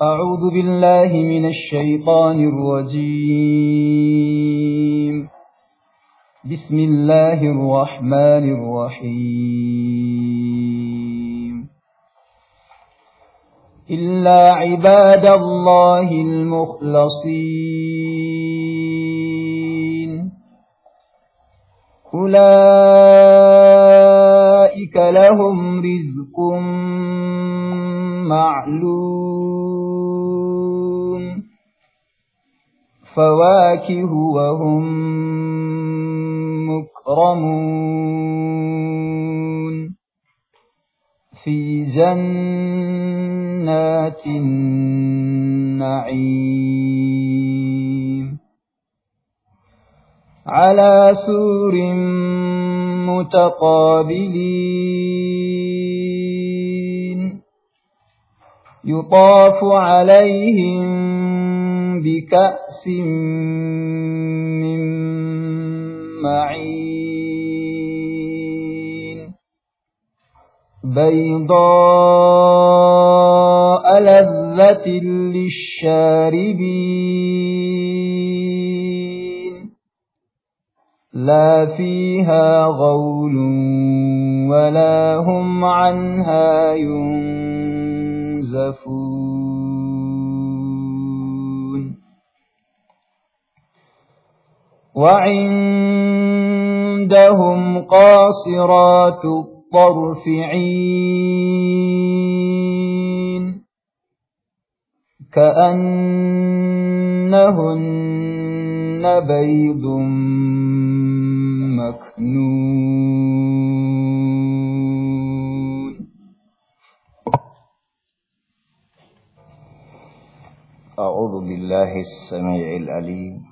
أعوذ بالله من الشيطان الرجيم بسم الله الرحمن الرحيم إلا عباد الله المخلصين أولئك لهم رزق معلوم فواكه وهم مكرمون في جنات النعيم على سور متقابلين يطاف عليهم بكأس من معين بيضاء لذة للشاربين لا فيها غول ولا هم عنها ينزفون وعندهم قاصرات الطرف عين كأنهن بيض مكنون أعوذ بالله السميع العليم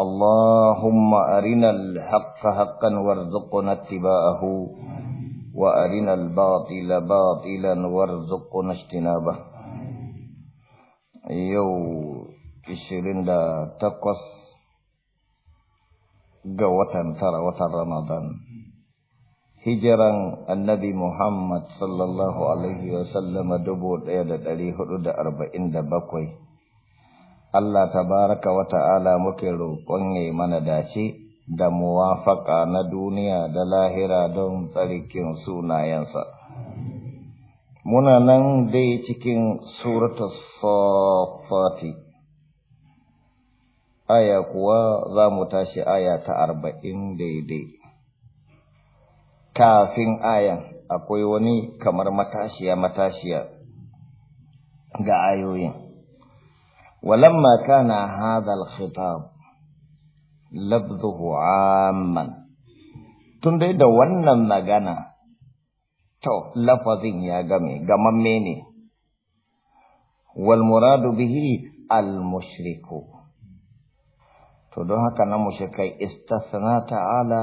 اللهم أرنا الحق حقا وارزقنا اتباعه وأرنا الباطل باطلا وارزقنا اجتنابه يو تشرين لا تقص جوة ثروة رمضان هجرا النبي محمد صلى الله عليه وسلم دبوت ايادة عليه رد أربعين دبقوي Allah tabaraka wa ta'ala muke roƙon ya mana dace da muwafaƙa na duniya da lahira don tsarikin sunayensa. Muna nan dai cikin suratul Sofati, Aya kuwa za mu tashi aya ta arba'in daidai. Kafin ayan akwai wani kamar matashiya matashiya ga ayoyin. ولما كان هذا الخطاب لفظه عاما tunda da wannan magana to lafazin ya game gamamme ne wal muradu bihi al mushriku to don haka na mushrikai istasna ta'ala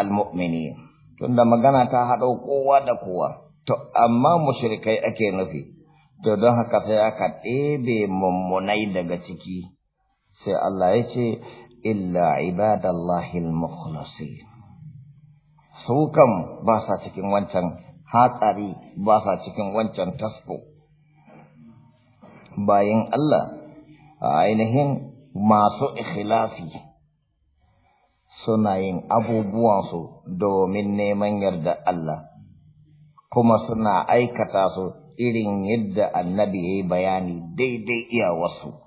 al mu'minin tunda magana ta haɗo kowa da kowa to amma mushrikai ake nufi to don haka sai aka ɗebe mummunai daga ciki sai Allah ya ce illa ibadallahi al-mukhlasin su kan ba sa cikin wancan hatsari ba sa cikin wancan tasbo bayan Allah a ainihin masu ikhlasi suna yin abubuwansu domin neman yarda Allah kuma suna aikata su irin yadda annabi ya yi bayani daidai iya wasu.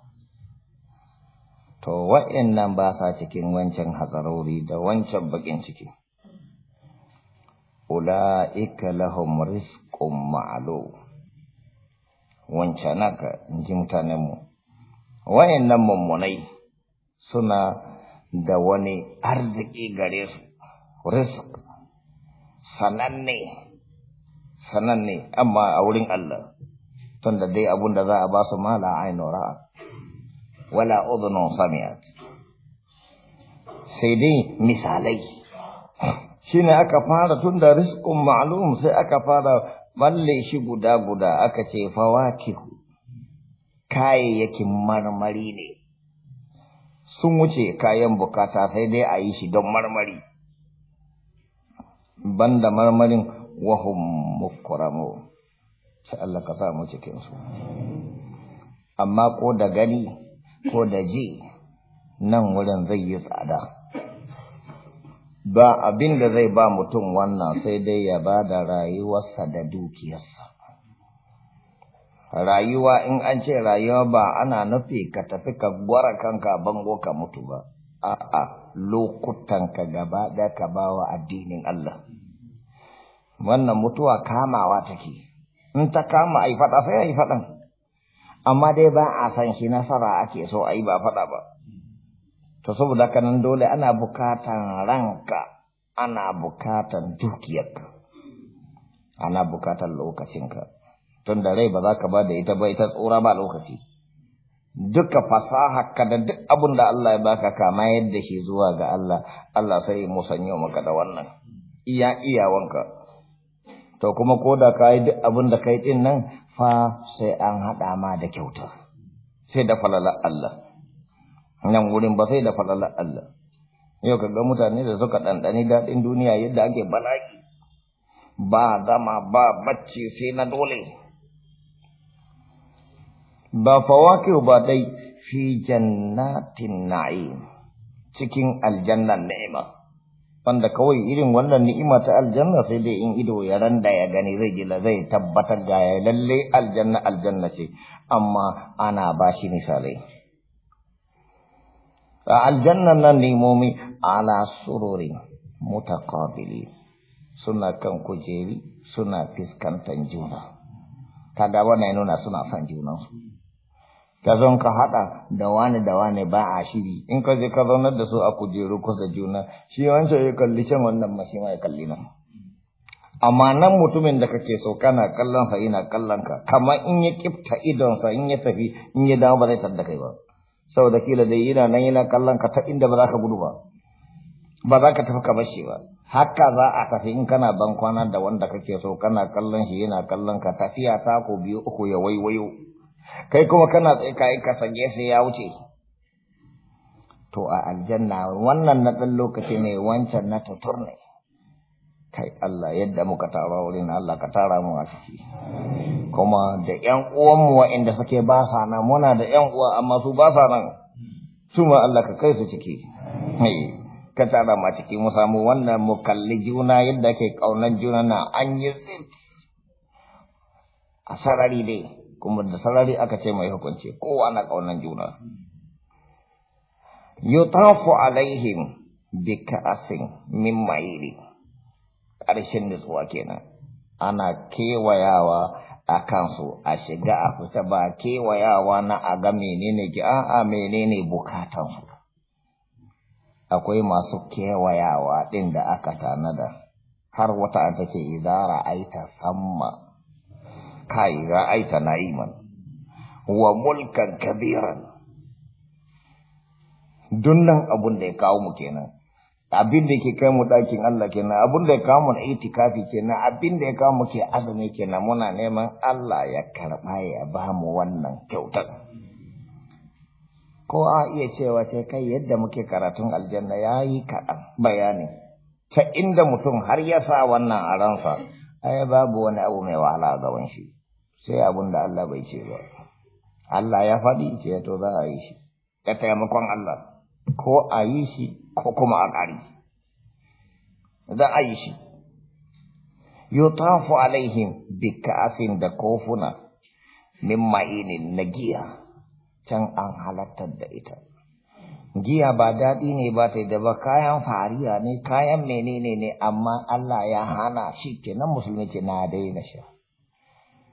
To, nan ba sa cikin wancan hatsarori da wancan bakin ciki. Ula'ika lahum rizqun ma'alo, wancanaka in ji mutanenmu, nan mummunai suna da wani arziki gare su, risk sananne. ne, amma a wurin Allah tunda dai abun da za a ba su mala aino ra'a wala udhun sami'at sai dai misalai shine aka fara tunda rizqun ma'lum sai aka fara balle shi guda guda aka ce fawakihu kayayyakin marmari ne sun wuce kayan bukata sai dai a yi shi don marmari banda marmarin wahum mufkuramu sai Allah ka sa mu cikin su amma ko da gani ko da ji nan wurin zai yi tsada ba abin da zai ba mutum wannan sai dai ya ba da rayuwarsa da dukiyarsa rayuwa in an ce rayuwa ba ana nufi ka tafi ka gwara kanka bango ka mutu ba a'a lokutan ka gaba da ka bawa addinin Allah wannan mutuwa kamawa take in ta kama a yi faɗa sai a yi faɗan amma dai ba a san shi nasara ake so a yi ba faɗa ba to saboda haka dole ana bukatan ranka ana bukatan dukiyarka ana bukatan lokacinka tun da rai ba za ka ba da ita ba ita tsora ba lokaci duka fasaha ka da duk abin da Allah ya baka kama yadda shi zuwa ga Allah Allah sai musanya maka da wannan iya iyawanka to kuma ko da ka yi duk abin da ka yi ɗin nan fa sai an haɗa ma da kyauta sai da falala Allah nan wurin ba sai da falala Allah yau ka ga mutane da suka ɗanɗani daɗin duniya yadda ake balaki ba zama ba bacci sai na dole ba fawakiu ba dai fi jannatin na'im cikin aljannan nema. wanda kawai irin wannan ni'ima ta aljanna sai dai in ido ya randa ya gani zai ji zai tabbatar da ya lalle aljanna aljanna ce amma ana ba shi misalai a aljannan nan nemomi ala sururi mutaqabili suna kan kujeri suna fiskantan juna kaga wannan nuna suna son junansu ka zo ka haɗa da wani da wani ba a shiri in ka je ka zaunar da su a kujeru kusa juna shi wancan ya kalli can wannan mashi ma ya kalli nan amma nan mutumin da kake so kana kallon sa yana kallon ka kamar in ya kifta idonsa in ya tafi in ya dawo ba zai tar da kai ba saboda kila dai yana nan yana kallon ka ta inda ba za ka gudu ba ba za ka tafi ka bashi ba haka za a tafi in kana ban kwana da wanda kake so kana kallon shi yana kallon ka tafiya ta ko biyu uku ya waiwayo kai kuma kana tsaye ka yi sai ya wuce to a aljanna wannan na ɗan lokaci ne wancan na tutur ne kai Allah yadda muka tara wurin Allah ka tara mu a ciki kuma da ƴan uwanmu waɗanda suke ba sa nan muna da ƴan uwa amma su ba sa nan su ma Allah ka kai su ciki ka tara a ciki mu samu wannan mu kalli juna yadda ke ƙaunar juna na an yi a sarari dai kuma da sarari aka ce mai hukunci kowa na ƙaunar juna yutafu alaihim bi ka'asin min ma'iri ƙarshen nutsuwa kenan ana kewayawa a kansu a shiga a fita ba kewayawa na a ga menene ki a'a menene su? akwai masu kewayawa ɗin da aka tanada har wata ke idara aita samma kai ra'aita na'iman wa mulkan kabiran dunnan abun da ya kawo mu kenan abin da yake kai mu dakin Allah kenan abin da ya kawo mu itikafi kenan abin da ya kawo mu ke azumi kenan muna neman Allah ya karɓa ya ba mu wannan kyautar ko a iya cewa sai kai yadda muke karatun aljanna ya yi kaɗan bayani ta inda mutum har ya sa wannan a ransa ai babu wani abu mai wahala a gaban shi sai abun da Allah bai ce ba Allah ya faɗi ce to za a yi shi da taimakon Allah ko a yi shi ko kuma a ƙari za a yi shi yutafu alaihim bi ka'asin da kofuna min ma'inin na giya can an halartar da ita giya ba daɗi ne ba ta da ba kayan fariya ne kayan menene ne amma Allah ya hana shi kenan musulmi ce na daina sha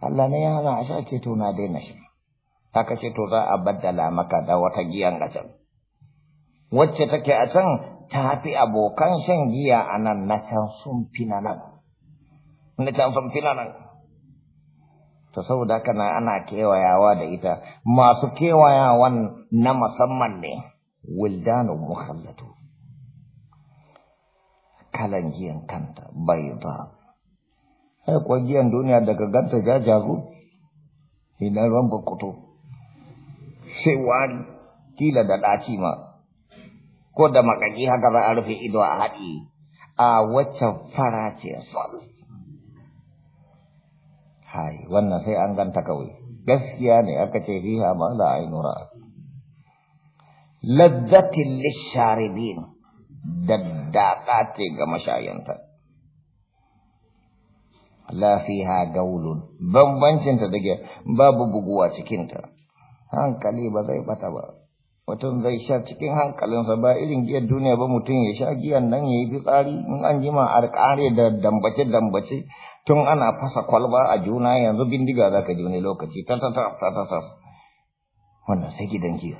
Allah ne ya hana a ce to na daina shi haka ce to za a baddala maka da wata giyan a can wacce take a can ta fi abokan shan giya a nan na can sun fi nan na can sun fi nan to saboda haka na ana kewayawa da ita masu kewayawan na musamman ne wildanu muhallatu. kalan giyan kanta bai ba sai kwagiyan duniya daga ganta ja jago idan ruwan bakuto sai wani kila da ɗaci ma ko da maƙaƙi haka za a rufe ido a haɗi a waccan fara ce sol hai wannan sai an ganta kawai gaskiya ne aka ce riha ma la ainura laddatin lisharibin daddaka ce ga mashayanta la fiha gaulun bambancin ta dage babu buguwa cikin ta hankali ba zai bata ba mutum zai sha cikin hankalinsa ba irin giyar duniya ba mutum ya sha giyan nan ya yi fitsari in an jima a ƙare da dambace dambace tun ana fasa kwalba a juna yanzu bindiga za ka ji lokaci ta ta ta ta ta ta wannan sai gidan giya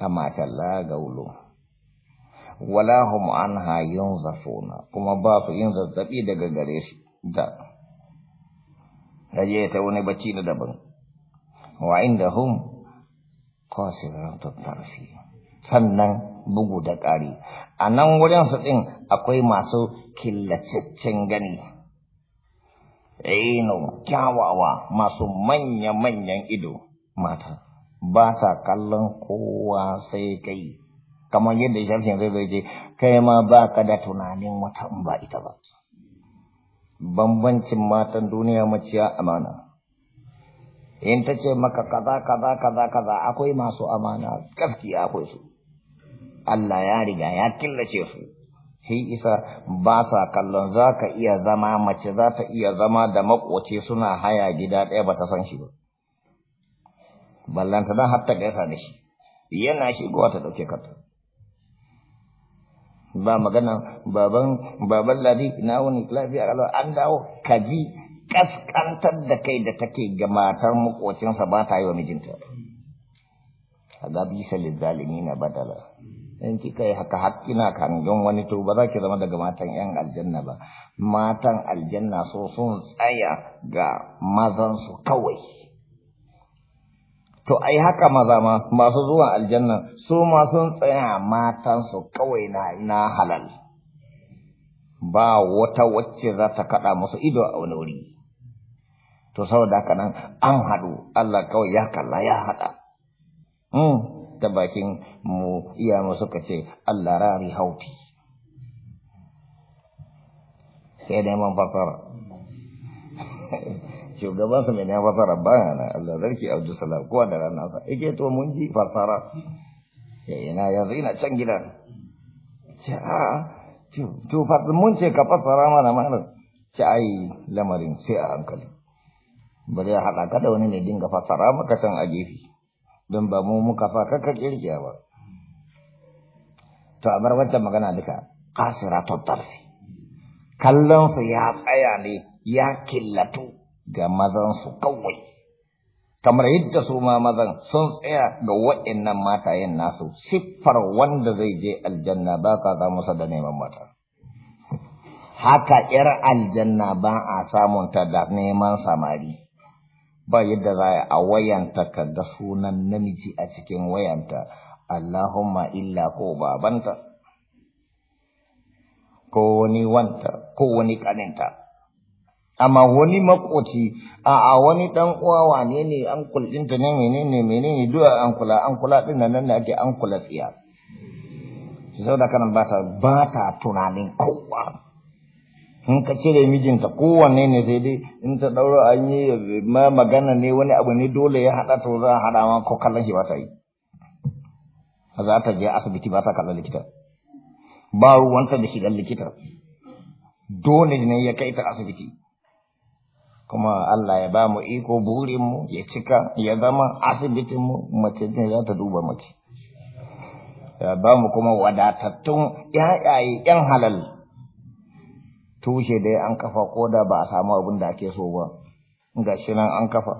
amma talla gaulo wala hum anha yunzafuna kuma ba su yin zazzabi daga gare shi da gaje ta wani bacci da daban wa inda hum kwasirar tarfi sannan bugu da ƙari a nan wurin su ɗin akwai masu killacaccen gani ino eh, kyawawa masu manya-manyan ido mata ba ta kallon kowa sai kai kamar yadda shafin zai zai ce kai ma ba ka da tunanin wata in ba ita ba bambancin matan duniya maciya amana in ta ce maka kaza kaza kaza kaza akwai masu amana gaskiya akwai su Allah ya riga ya killace su shi isa ba sa kallon za ka iya zama mace za ta iya zama da makwace suna haya gida ɗaya ba ta san shi ba ballanta don hatta gaisa da shi yana shigowa ta ɗauke kanta ba magana baban baban ladi na wani lafiya kalau an dawo kaji kaskantar da kai da take ga matar makocinsa ba ta yi wa mijinta a gabi salin zalimi na badala in kika yi haka hakkina kan don wani to ba za ki zama daga matan yan aljanna ba matan aljanna so sun tsaya ga mazansu kawai To ai haka maza ma masu zuwa aljanna su ma sun tsaya matansu kawai na na halal. Ba wata wacce za ta kaɗa musu ido a wani wuri. To saboda haka nan an haɗu Allah kawai ya kalla ya haɗa. Mm, ta bakin mu iya mu suka ce Allah rari hauti. Sai dai fasara. shugaban sa mai na fasara na Allah zarki Abdul Salam ko da ran nasa yake to mun ji fasara sai ina yanzu ina can gida. ce a to fa mun ce ka fasara mana mana ce ai lamarin sai a hankali bari ya haɗa ka da wani ne dinga fasara maka can a gefe don ba mu muka sa kakka kirkiya ba to a bar wancan magana duka kasira tattarfi kallon su ya tsaya ne ya killatu ga mazansu kawai kamar yadda su ma mazan sun tsaya ga waɗannan matayen nasu siffar wanda zai je aljanna ba ka za masa da neman mata haka ‘yar aljanna ba a samun ta da neman samari ba yadda za a wayanta ka ga sunan namiji a cikin wayanta Allahumma illa ko babanta ko wani wanta ko wani kaninta amma wani makoci a a wani dan uwa wane ne an ta ne menene menene duk an kula an kula din nan nan ake an kula tsiya da kana ba ta ba ta tunanin kowa in ka cire mijinta kowanne ne sai dai in ta dauro an yi ma magana ne wani abu ne dole ya hada to za a hada ma ko kallon shi ba ta yi za ta je asibiti ba ta kallon likita ba ruwanta da shigar likita dole ne ya kai ta asibiti kuma Allah ya ba mu iko burinmu ya cika ya zama asibitinmu mace ne za ta duba mace ya ba mu kuma wadatattun ƴaƴaye 'yan halal tushe dai an kafa ko da ba a samu abin da ake so ba ga shi nan an kafa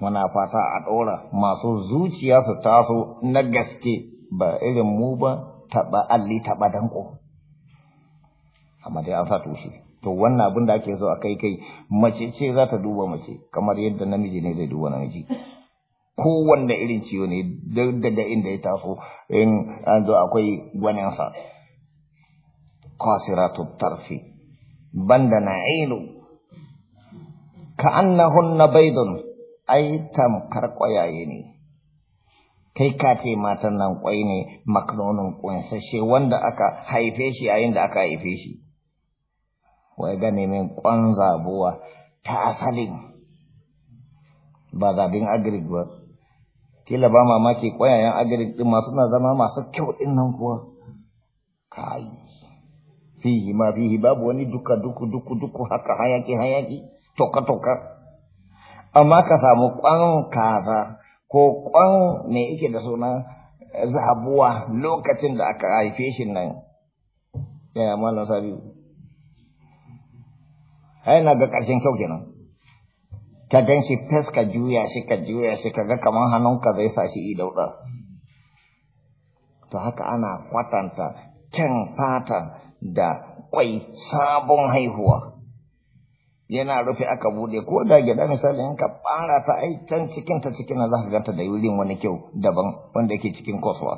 muna fata a ɗora masu zuciya su taso na gaske ba irin mu ba taɓa alli taɓa danko amma dai an sa tushe to wannan abin da ake so a kai kai mace ce za ta duba mace kamar yadda namiji ne zai duba namiji kowanne irin ciwo ne daga inda ya taso in an zo akwai gwaninsa Kwasiratu tarfi banda na'ilu ka annahunna baidun ai tamkar ƙwayaye ne kai ka ce matan nan kwai ne maknonin ƙunsashe wanda aka haife shi yayin da aka haife shi wai gane min kwan zabuwa ta asalin ba zabin agirik ba kila ba mamaki kwayayen agirik din masu na zama masu kyau ɗin nan kuwa kai fihi ma fihi babu wani duka duku duku duku haka hayaki hayaki toka toka amma ka samu kwan kaza ko kwan me yake da suna zabuwa lokacin da aka haife shi nan ya malam sabiu ai na ga ƙarshen kyau kenan ka gan shi fes ka juya shi ka juya shi ka ga kamar hannunka zai sa shi idauɗa to haka ana kwatanta kyan fata da kwai sabon haihuwa yana rufe aka bude ko da gida misali in ka fara ta ai can cikin ta cikin za ka ganta da wurin wani kyau daban wanda yake cikin kosuwa,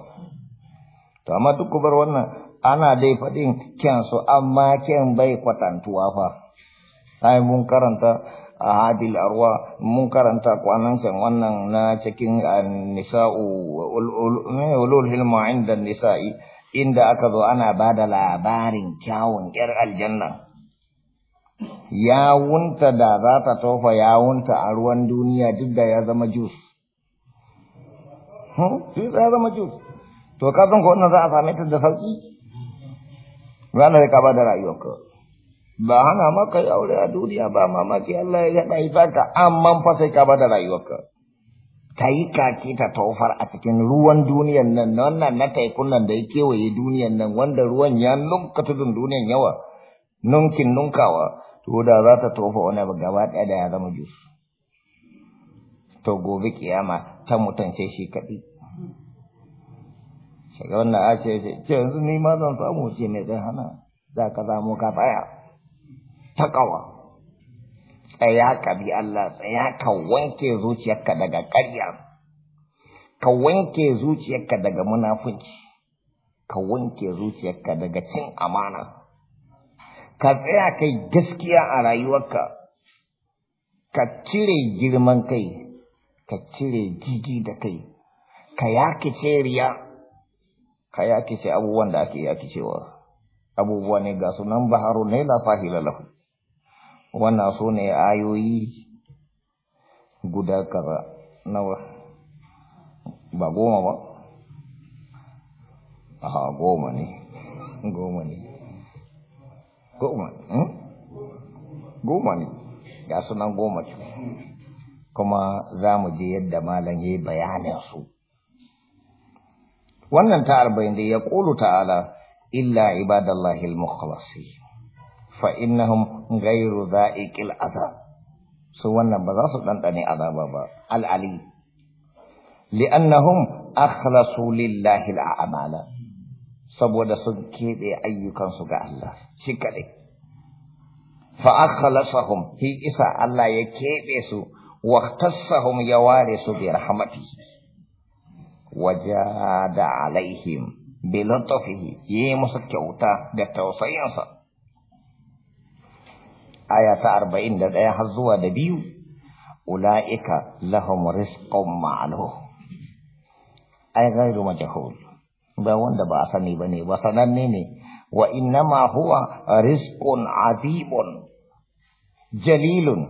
to amma duk bar wannan ana dai faɗin kyan su amma kyan bai kwatantuwa fa ai mun karanta a hadil arwa mun karanta kwanan can wannan na cikin nisa'u ulul hilma inda nisa'i inda aka zo ana ba da labarin kyawun yar aljanna yawunta da za ta tofa yawunta a ruwan duniya duk da ya zama jus hmm, ya zama jus to ka zan ko wannan za a same ta da sauki ranar ka ba da rayuwarka ba hana maka aure a duniya ba mamaki Allah ya ɗaifa ka amma fa sai ka bada rayuwarka ka yi kaki ta taufar a cikin ruwan duniyan nan wannan na taikun nan da ya kewaye duniyan nan wanda ruwan ya nunka tudun duniyan yawa nunkin nunkawa to da za ta tofa wani abu gaba ɗaya da ya zama jus to gobe kiyama ta mutance shi kaɗi shiga wannan a ce ce yanzu ni ma zan samu ce ne zai hana za ka samu ka tsaya ta ƙawa, tsaya ka bi Allah tsaya ka wanke zuciyarka daga ƙarya ka wanke zuciyarka daga munafunci ka wanke zuciyarka daga cin amana ka tsaya kai gaskiya a rayuwarka ka cire girman kai ka cire jiji da kai ka yakice riya ka yakice abubuwan da ake yakicewa abubuwa ne ga sunan baharu ne la sahila lahu wannan su ne ayoyi guda kaza nawa ba goma ba a goma ne goma ne goma hmm? goma ne ya sunan goma ce kuma za mu je yadda malam ya yi bayanin su wannan ta arba'in da ya ƙulu ta'ala illa ibadallahi al-mukhlasi fa innahum gairu za'iqil azab su wannan ba za su ɗanɗane azaba ba al'ali li'annahum akhlasu lillahi al'amala saboda sun keɓe ayyukansu ga Allah shi kaɗai fa akhlasahum hi isa Allah ya keɓe su wa tassahum ya ware su bi rahmatihi wajada alaihim bi lutfihi yi musu kyauta da tausayinsa aya ta arba'in da ɗaya har zuwa da biyu ula'ika lahum rizqun ma'lum ai ghairu majhul ba wanda ba sani bane ba sananne ne wa innama huwa rizqun adibun jalilun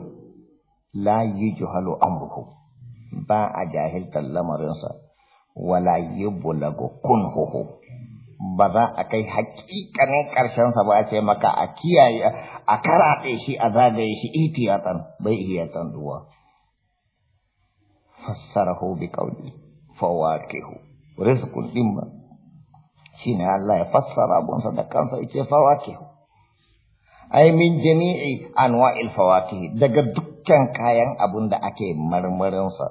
la yujhalu amruhu ba a jahiltar lamarinsa wala yublagu kunhuhu ba za a kai hakikanin ƙarshen sa ba a ce maka a kiyaye a karaɗe shi a zagaye shi itiyatan bai iyatan zuwa fassarahu bi qawli fawakihu rizqun dimma ne Allah ya fassara bunsa da kansa yace fawakihu ai min jami'i anwa'il fawakihi daga dukkan kayan abun da ake marmarin sa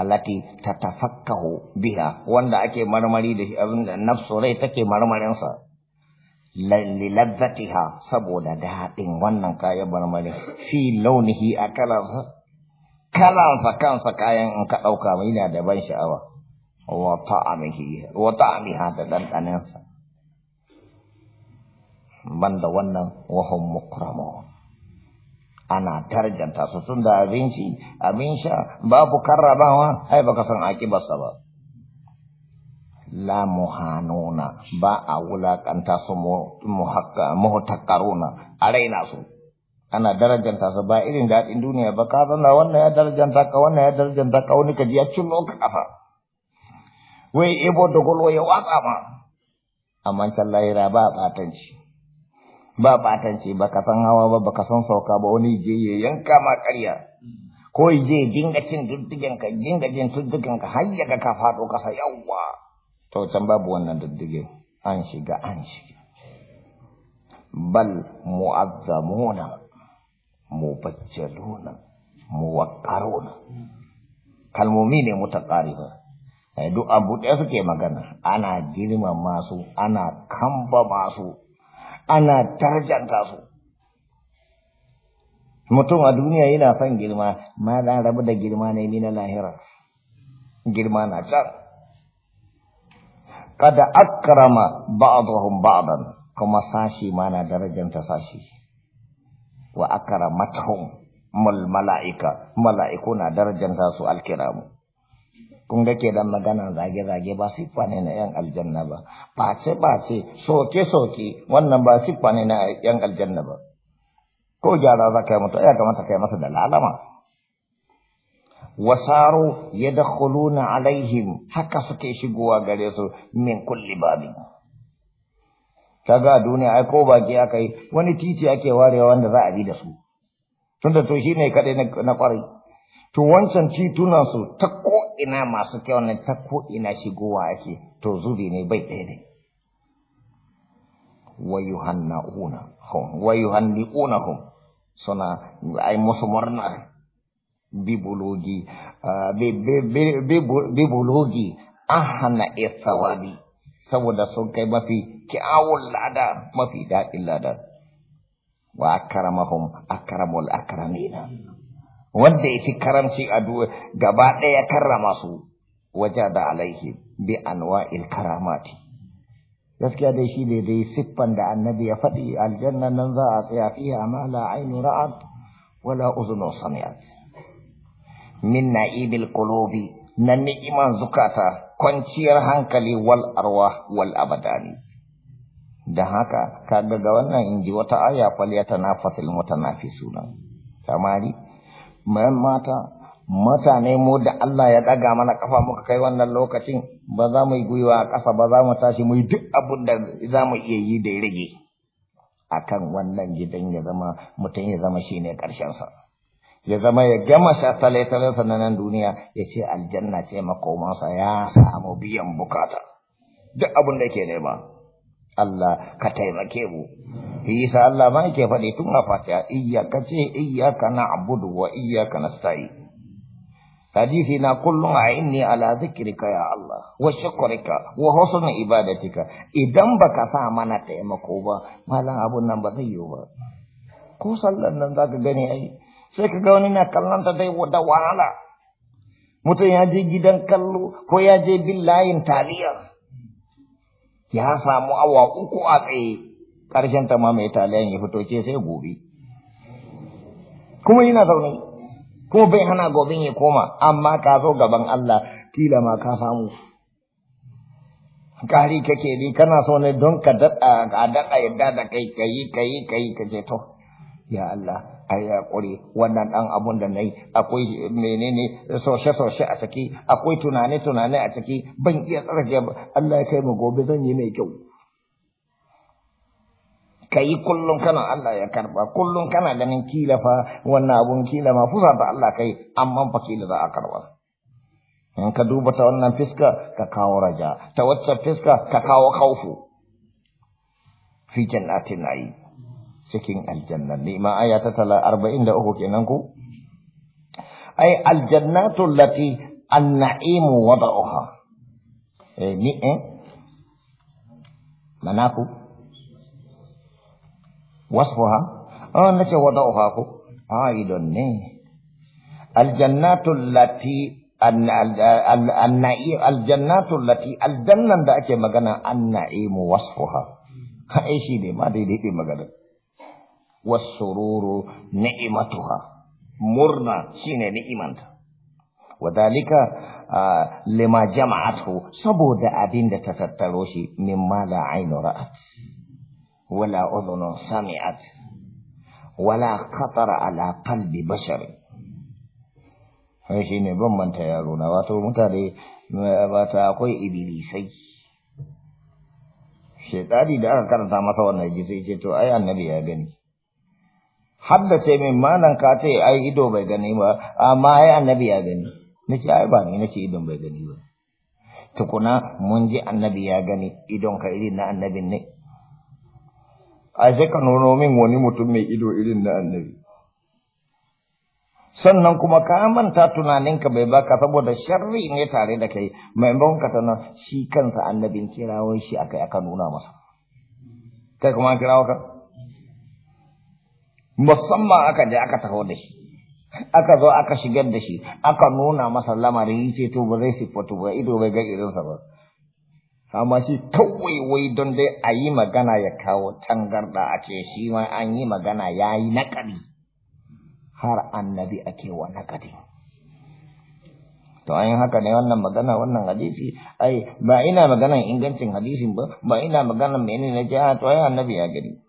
allati tatafakkahu biha wanda ake marmari da shi abinda nafsu rai take marmarin sa lilazzatiha saboda daɗin wannan kayan marmari fi launihi a kalarsa kalansa kansa kayan in ka ɗauka mai yana da ban sha'awa wa ta'amihi wa ta'amiha da ɗanɗanensa banda wannan hum mukramun ana darjanta su tun da abinci abin sha babu karrabawa ai baka san akibarsa ba la muhanuna ba a wulakanta su muhakkaruna a raina su ana darajanta su ba irin daɗin duniya ba ka da wannan ya darajanta ka wannan ya darajanta ka wani kaji ya cino ka ƙasa wai ibo da gulwa ya watsa ma amma can ba a ɓatanci ba batanci ba ka san hawa ba ba ka san sauka ba wani je ya yanka ma ƙarya ko je dinga cin duddigen ka dinga jin duddigen ka har ya ga ka faɗo kasa yawwa to can babu wannan duddige an shiga an shiga bal mu'azzamuna mubajjaluna muwaqqaruna kalmomi ne mutaqariba duk abu ɗaya suke magana ana girma masu ana kamba masu ana darjanta su mutum a duniya yana son girma ma na rabu da girma ne ni na lahira girma na can kada akrama ba'dhum ba'dan kuma sashi ma na darajanta sashi wa akramatuhum mal mala'ika mala'iku na darajanta su alkiramu kun ga ke dan magana zage-zage ba siffa ne na yan aljanna ba face-face soke-soke wannan ba siffa ne na yan aljanna ba ko gyara za ka yi mutu ya kamata ka yi masa da lalama wasaru ya da alaihim haka suke shigowa gare su min kulli babi ta ga duniya ai ko baki aka yi wani titi ake warewa wanda za a bi da su tunda to shi ne kadai na kwarai to wancan titunan su ta ko ina masu kyau ne ta ko ina shigowa ake to zubi ne bai ɗaya ne wa hun suna ai musu murna bibologi bibologi ahana ithawabi saboda sun kai mafi kyawun lada mafi daɗin lada wa akramahum akramul akramina wanda ya fi karamci a gaba ɗaya karrama su waje da alaihi bi anwa'il karamati gaskiya dai shi ne dai siffan da annabi ya faɗi aljanna nan za a tsaya fiha ma la ainu ra'at wala uzunu sami'at min na'ibil qulubi na ni'iman zukata kwanciyar hankali wal arwa wal abadani da haka kaga ga wannan inji wata aya fal yatanafasil mutanafisuna samari mayan mata mutane mu da Allah ya ɗaga mana kafa muka kai wannan lokacin ba za mu yi gwiwa a ƙasa ba za mu tashi mu yi duk abin da za mu iya yi da ya rage a wannan gidan ya zama mutum ya zama shi ne ƙarshensa ya zama ya gama shataletare na nan duniya ya ce aljanna ce makomansa ya samu biyan bukata duk abin da ke nema Allah ka taimake mu yasa Allah ma yake faɗi tun a fatiha iyyaka ce iyyaka na'budu wa iyyaka nasta'in hadisi na kullum a inni ala zikrika ya Allah wa shukrika wa husn ibadatika idan baka sa mana taimako ba malam abun nan ba zai yiwu ba ko sallan nan zaka gani ai sai ka ga wani na kallon ta dai da wahala mutum ya je gidan kallo ko ya je bin layin taliyar? ya samu awa uku a tsaye ƙarshen ta ma mai taliyan ya fito ce sai gobe kuma yana zaune kuma bai hana gobe ya koma amma ka zo gaban Allah kila ma ka samu kari kake ni kana so ne don ka daɗa ka yadda da kai kayi kayi kayi ka to ya Allah ai hakuri wannan dan abun da nayi akwai menene soshe soshe a ciki akwai tunane tunane a ciki ban iya ba. Allah ya kai mu gobe zan yi mai kyau kai kullum kana Allah ya karba kullun kana ganin kila fa wannan abun kila ma fusa ta Allah kai amma fa kila za a karba in ka duba ta wannan fiska ka kawo raja ta wacce fiska ka kawo kaufu fi jannatin nayi cikin aljanna ni'ma aya ta tala arba'in da uku kenan ku ai aljannatu allati an-na'imu wada'uha eh ni eh manaku wasfuha ah nace wada'uha ku ai don ne aljannatu allati an-na'im aljannatu allati aljannan da ake magana an-na'imu wasfuha ai shi ne ma daidai magana والسرور نعمتها مرنا شين نعمت وذلك آه، لما جمعته سبود أبين تتتلوش مما لا عين رأت ولا أذن سمعت ولا خطر على قلب بشر هشين بمن تيارون واتو متالي واتاقوي إبليسي شيطاني دارا كانت ما ثوانا يجيسي شيطو أي النبي يا بني haddace min malan ka ce ai ido bai gani ba amma ai annabi ya gani nace ai ba ni nace idon bai gani ba tukuna mun ji annabi ya gani idon ka irin na annabin ne ai sai ka nuno min wani mutum mai ido irin na annabi sannan kuma ka manta tunaninka bai baka saboda sharri ne tare da kai ban ka tana shi kansa annabin kirawon shi akai aka nuna masa kai kuma an kirawo ka musamman aka je aka taho da shi aka zo aka shigar da shi aka nuna masa lamarin yi ce to ba zai siffatu ba ido bai ga irinsa ba amma shi kawai wai don dai a yi magana ya kawo tangarda a ce shi ma an yi magana ya yi naƙari har annabi a wa naƙari to yi haka ne wannan magana wannan hadisi ai ba ina maganan ingancin hadisin ba ba ina maganan menene na ah, jiha to ai annabi ya gani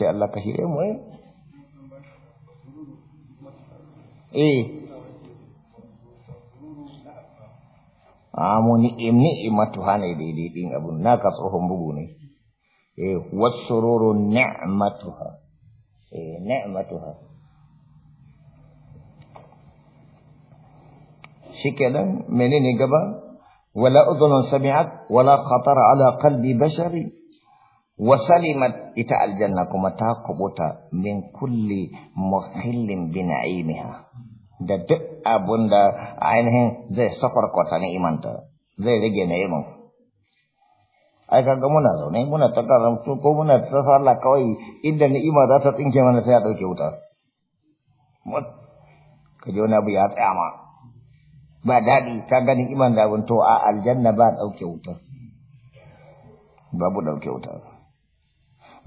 sai Allah ka hire mu ai eh amu ni'im ni'imatu hane daidai din abun naka tsohon bugu ne eh wasururu ni'matuha eh ni'matuha shikenan menene gaba wala udhun sami'at wala khatara ala qalbi bashari wa salimat ita aljanna kuma ta kubuta min kulli mukhillin bi na'imiha da duk abun da ainihin zai safarkwata ni'imanta zai rage ni'imanta ai kaga muna zaune muna ta karamtu ko muna ta sallah kawai inda ni'ima za ta tsinke mana sai a dauke wuta ka je wani abu ya tsaya ma ba daɗi ka ga ni'iman da abin to a aljanna ba dauke wuta babu dauke wuta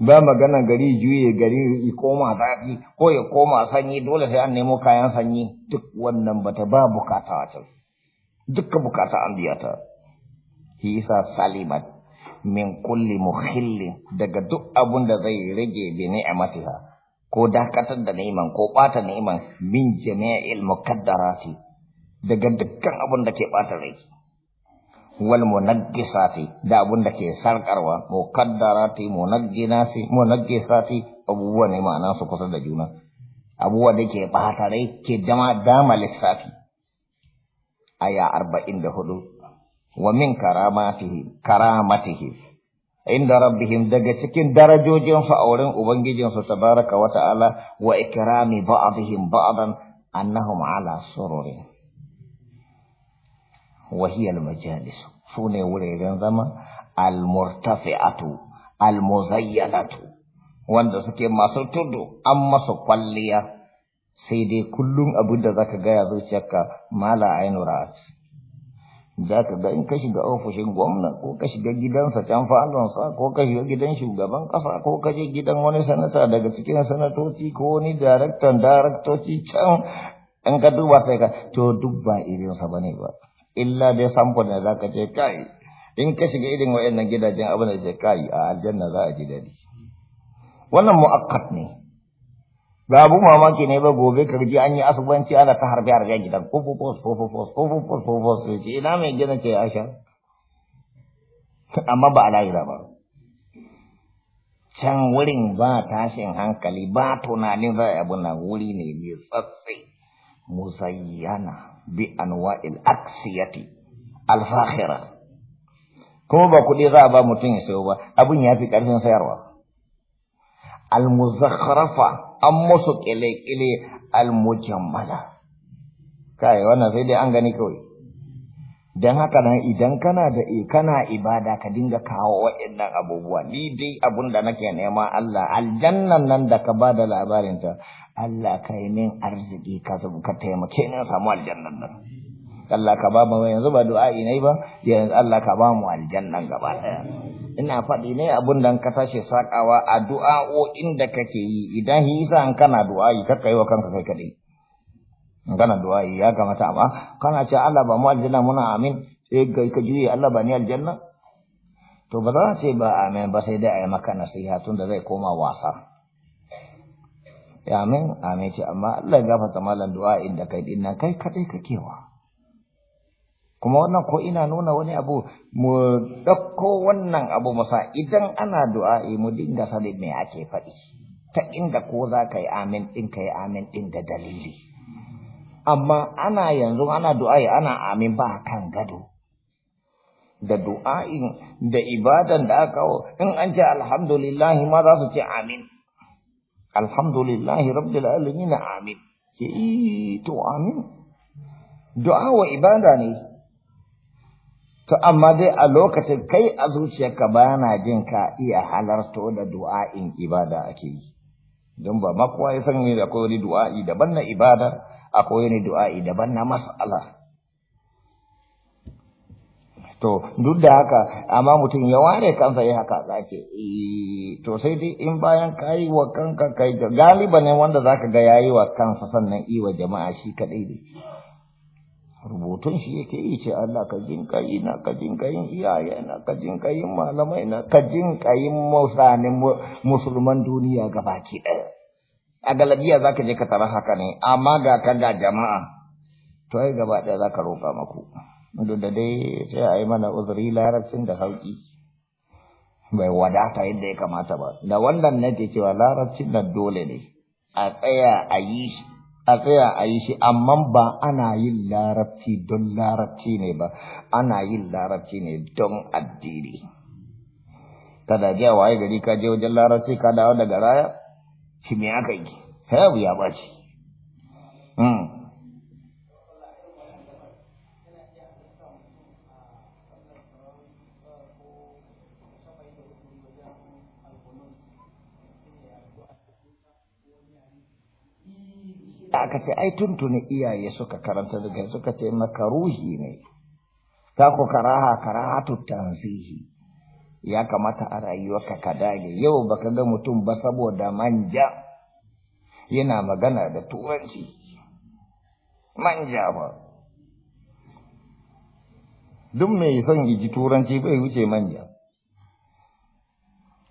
ba magana gari juye gari ya koma zafi ko ya koma sanyi dole sai an nemo kayan sanyi duk wannan bata ba bukata a can dukkan bukata an biya ta yi isa salimat min kulli muhilli daga duk abun da zai rage bi ni'matiha ko dakatar da neman, ko bata neman, min jami'il ce daga dukkan abun da ke bata rai wal munaggisati da abun da ke sarkarwa muqaddarati munagginasi munaggisati abubuwa ne ma'ana su kusa da juna abubuwa da ke bata ke dama dama lissafi aya 44 wa min karamatihi karamatihi inda rabbihim daga cikin darajojin fa auren ubangijin baraka wata ala ta'ala wa ikrami ba'dihim ba'dan annahum ala sururin wahiyal majalis su ne wuraren zama almurtafi'atu almuzayyanatu wanda suke masu tudu an masu kwalliya sai dai kullum abin da zaka gaya zuciyarka mala ainu ra'at za ka ga in ka shiga ofishin gwamna ko ka shiga gidansa can falonsa ko ka shiga gidan shugaban ƙasa, ko ka je gidan wani sanata daga cikin sanatoci ko wani daraktan daraktoci can in ka duba sai ka to duk ba irinsa bane ba illa dai samfur ne zaka je kai in ka shiga irin wayannan gidajen abin da kai a aljanna za a ji dadi wannan mu'akkat ne ba mamaki ne ba gobe ka ji an yi asubanci ana ta harbe harbe gidan kofofos kofofos kofofos kofofos sai ce ina mai gina ce aisha amma ba a lahira ba can wurin ba tashin hankali ba tunanin za a abu na wuri ne mai tsatsi musayyana bi بأنواع الأكسية الفاخرة ko ba kuɗi za a ba mutum ya sayo ba abin ya fi ƙarfin sayarwa almuzakharafa an musu ƙile-ƙile almujammala kai wannan sai dai an gani kawai don haka nan idan kana da kana ibada ka dinga kawo waɗannan abubuwa ni dai abun da nake nema Allah aljannan nan da ka ba da labarinta Allah ka yi min arziki ka ka taimake ni samu aljannan nan Allah ka ba mu yanzu ba du'a'i ne ba yanzu Allah ka ba mu aljannan gaba daya ina faɗi ne abun da ka tashi sakawa a du'a'o'in da kake yi idan hisan kana du'a'i ka yi wa kanka kai kadai magana du'a'i ya kamata amma kana ce Allah ba mu aljanna muna amin sai kai ka juye Allah ba ni aljanna to ba za ce ba amin ba sai dai a maka nasiha tun da zai koma wasa amin amin ce amma Allah ya gafarta malam du'a inda kai din nan kai kadai kewa. kuma wannan ko ina nuna wani abu mu dauko wannan abu masa idan ana du'a'i mu dinga sanin me ake faɗi ta inda ko za ka yi amin din ka yi amin ɗin da dalili amma ana yanzu ana du'a ya ana amin ba kan gado da du'a'in da ibadan da aka kawo in an ce alhamdulillah ma za su ce amin alhamdulillah rabbil alamin amin ce to amin du'a wa ibada ne to amma dai a lokacin kai a zuciyarka ba na jin ka iya halarto da du'a'in ibada ake yi don ba ma kowa ya san ne da kowa du'a'i daban na ibada akwai wani du'a'i daban na mas'ala to duk da haka amma mutum ya ware kansa ya haka za ce eh, to sai dai in bayan ka yi wa kanka kai galiba ne wanda zaka ga yayi wa kansa sannan yi wa jama'a shi kadai ne rubutun shi yake yi ce Allah ka jin kai na ka jin kai iyaye na ka jin kai malamai na ka jin kai musulman duniya gabaki ɗaya. a galabiya za ka je ka tara haka ne amma ga ka ga jama'a to ai gaba ɗaya za ka roƙa maku duk da dai sai a yi mana uzuri larabcin da sauƙi bai wadata yadda ya kamata ba da wannan ke cewa larabcin nan dole ne a tsaya a yi shi a tsaya a yi shi amma ba ana yin larabci don larabci ne ba ana yin larabci ne don addini kada jiya waye gari ka je wajen larabci ka dawo daga raya shi me aka yi sai abu ya ɓaci hmm. aka ce ai tuntuni iyaye suka karanta daga suka ce makaruhi ne ta ku karaha karahatu tanzihi ya kamata a rayuwarka ka dage yau baka ga mutum ba saboda manja yana magana da turanci manja ba duk mai son iji turanci bai wuce manja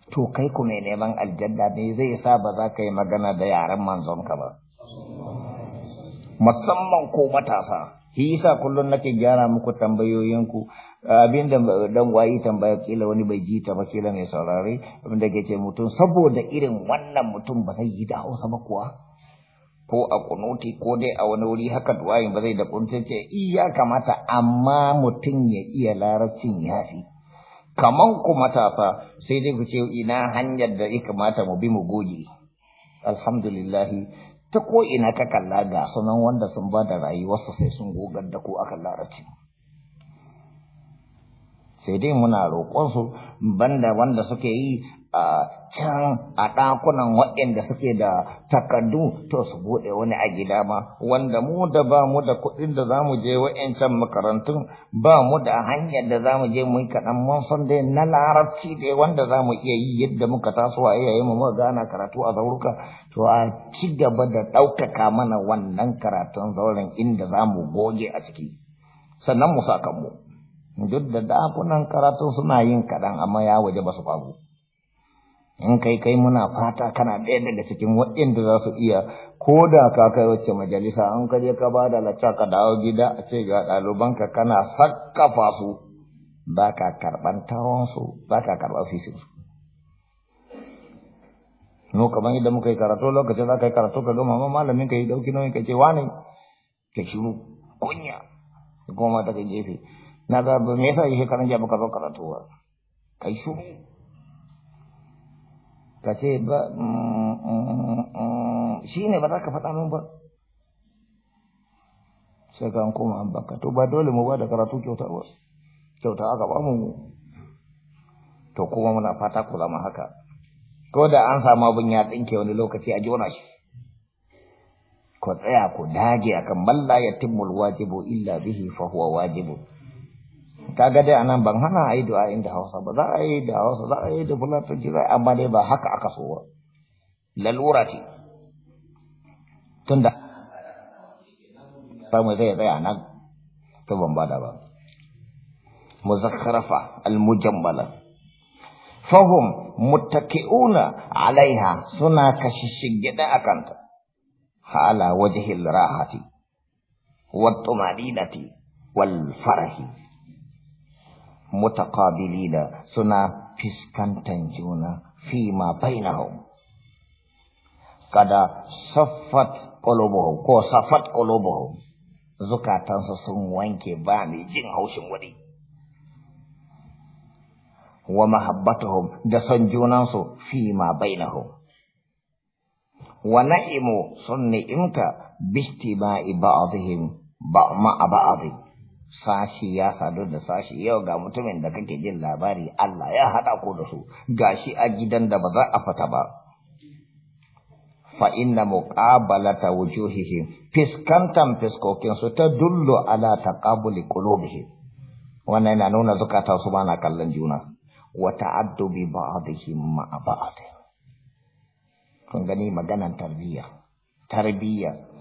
to kai ku mai neman aljanna ne zai sa ba za ka yi magana da yaren manzonka ba musamman ko matasa shi yasa kullum nake gyara muku tambayoyinku abin da dan wayi tambaya kila wani bai ji ta ba kila mai saurare abin da ke mutum saboda irin wannan mutum ba zai yi da Hausa ba kuwa ko a kunuti ko dai a wani wuri haka duwayin ba zai da kuntun ce iya kamata amma mutum ya iya larabcin yafi kaman ku matasa sai dai ku ce ina hanyar da ya kamata mu bi mu goge alhamdulillahi ta ko ina ka kalla ga sanan wanda sun ba da rayuwarsa sai sun gogar da ku akan larabci sai dai muna roƙonsu banda wanda suke yi a can a ɗakunan waɗanda suke da takardu to su buɗe wani a gida ma wanda mu da ba mu da kuɗin da za mu je wa'yancan makarantun ba mu da hanyar da za mu je mu yi kaɗan mun san dai na larabci dai wanda za mu iya yi yadda muka taso a mu muka gana karatu a zauruka to a ci gaba da ɗaukaka mana wannan karatun zauren inda za mu goge a ciki sannan mu sa kanmu duk da ɗakunan karatu suna yin kaɗan amma ya waje ba su faru in kai kai muna fata kana ɗaya daga cikin waɗanda za su iya ko da ka kai wacce majalisa an kaje ka ba da lacca ka dawo gida a ce ga ɗalibanka kana sakkafa su ba ka karɓan tawansu ba ka karɓan sisin su no kamar yadda muka yi karatu lokacin za ka yi karatu ka gama ma malamin ka yi ɗauki nauyin ka ce wani ka shiru kunya kuma ta kai gefe na ga me yasa yi shekaran jiya baka zo karatu ba kai shiru ka ce eh, ba mm, mm, mm. shi ne ba za ka faɗa min ba sai ka koma an baka to ba dole mu ba da karatu kyauta ba kyauta aka ba mu to kuma muna fata ku zama haka ko da an samu abin ya tsinke wani lokaci a jona shi ku tsaya ku dage akan balla yatimmul wajibu illa bihi fa huwa wajibu kaga dai anan ban hana a yi du'a inda hausa ba za a yi da hausa za a yi da fulatanci za amma dai ba haka aka so ba lalura ce tunda samu zai tsaya nan to ban bada ba muzakkarafa almujammala fahum muttaki'una alaiha suna kashishigida akanta hala wajhil rahati wat tumaninati wal farahi mutaqabilina suna fiskantan juna fima bainahum kada saffat qulubuhum ko saffat qulubuhum zukatansu sun wanke bani jin haushin wuri wa mahabbatuhum da son junansu fima bainahum wa na'imu sun ni'imta bistima'i ba'dihim ba'ma'a ba'dihim sashi ya sadu da sashi yau ga mutumin da kake jin labari Allah ya hada ko da su gashi a gidan da ba za a fata ba fa inna muqabalata wujuhihi fiskantan fiskokin su ta dullu ala taqabuli qulubihi wannan yana nuna zukata su bana kallon juna wa ta'addubi ba'dihim ma'a ba'd kun gani maganan tarbiyya tarbiyya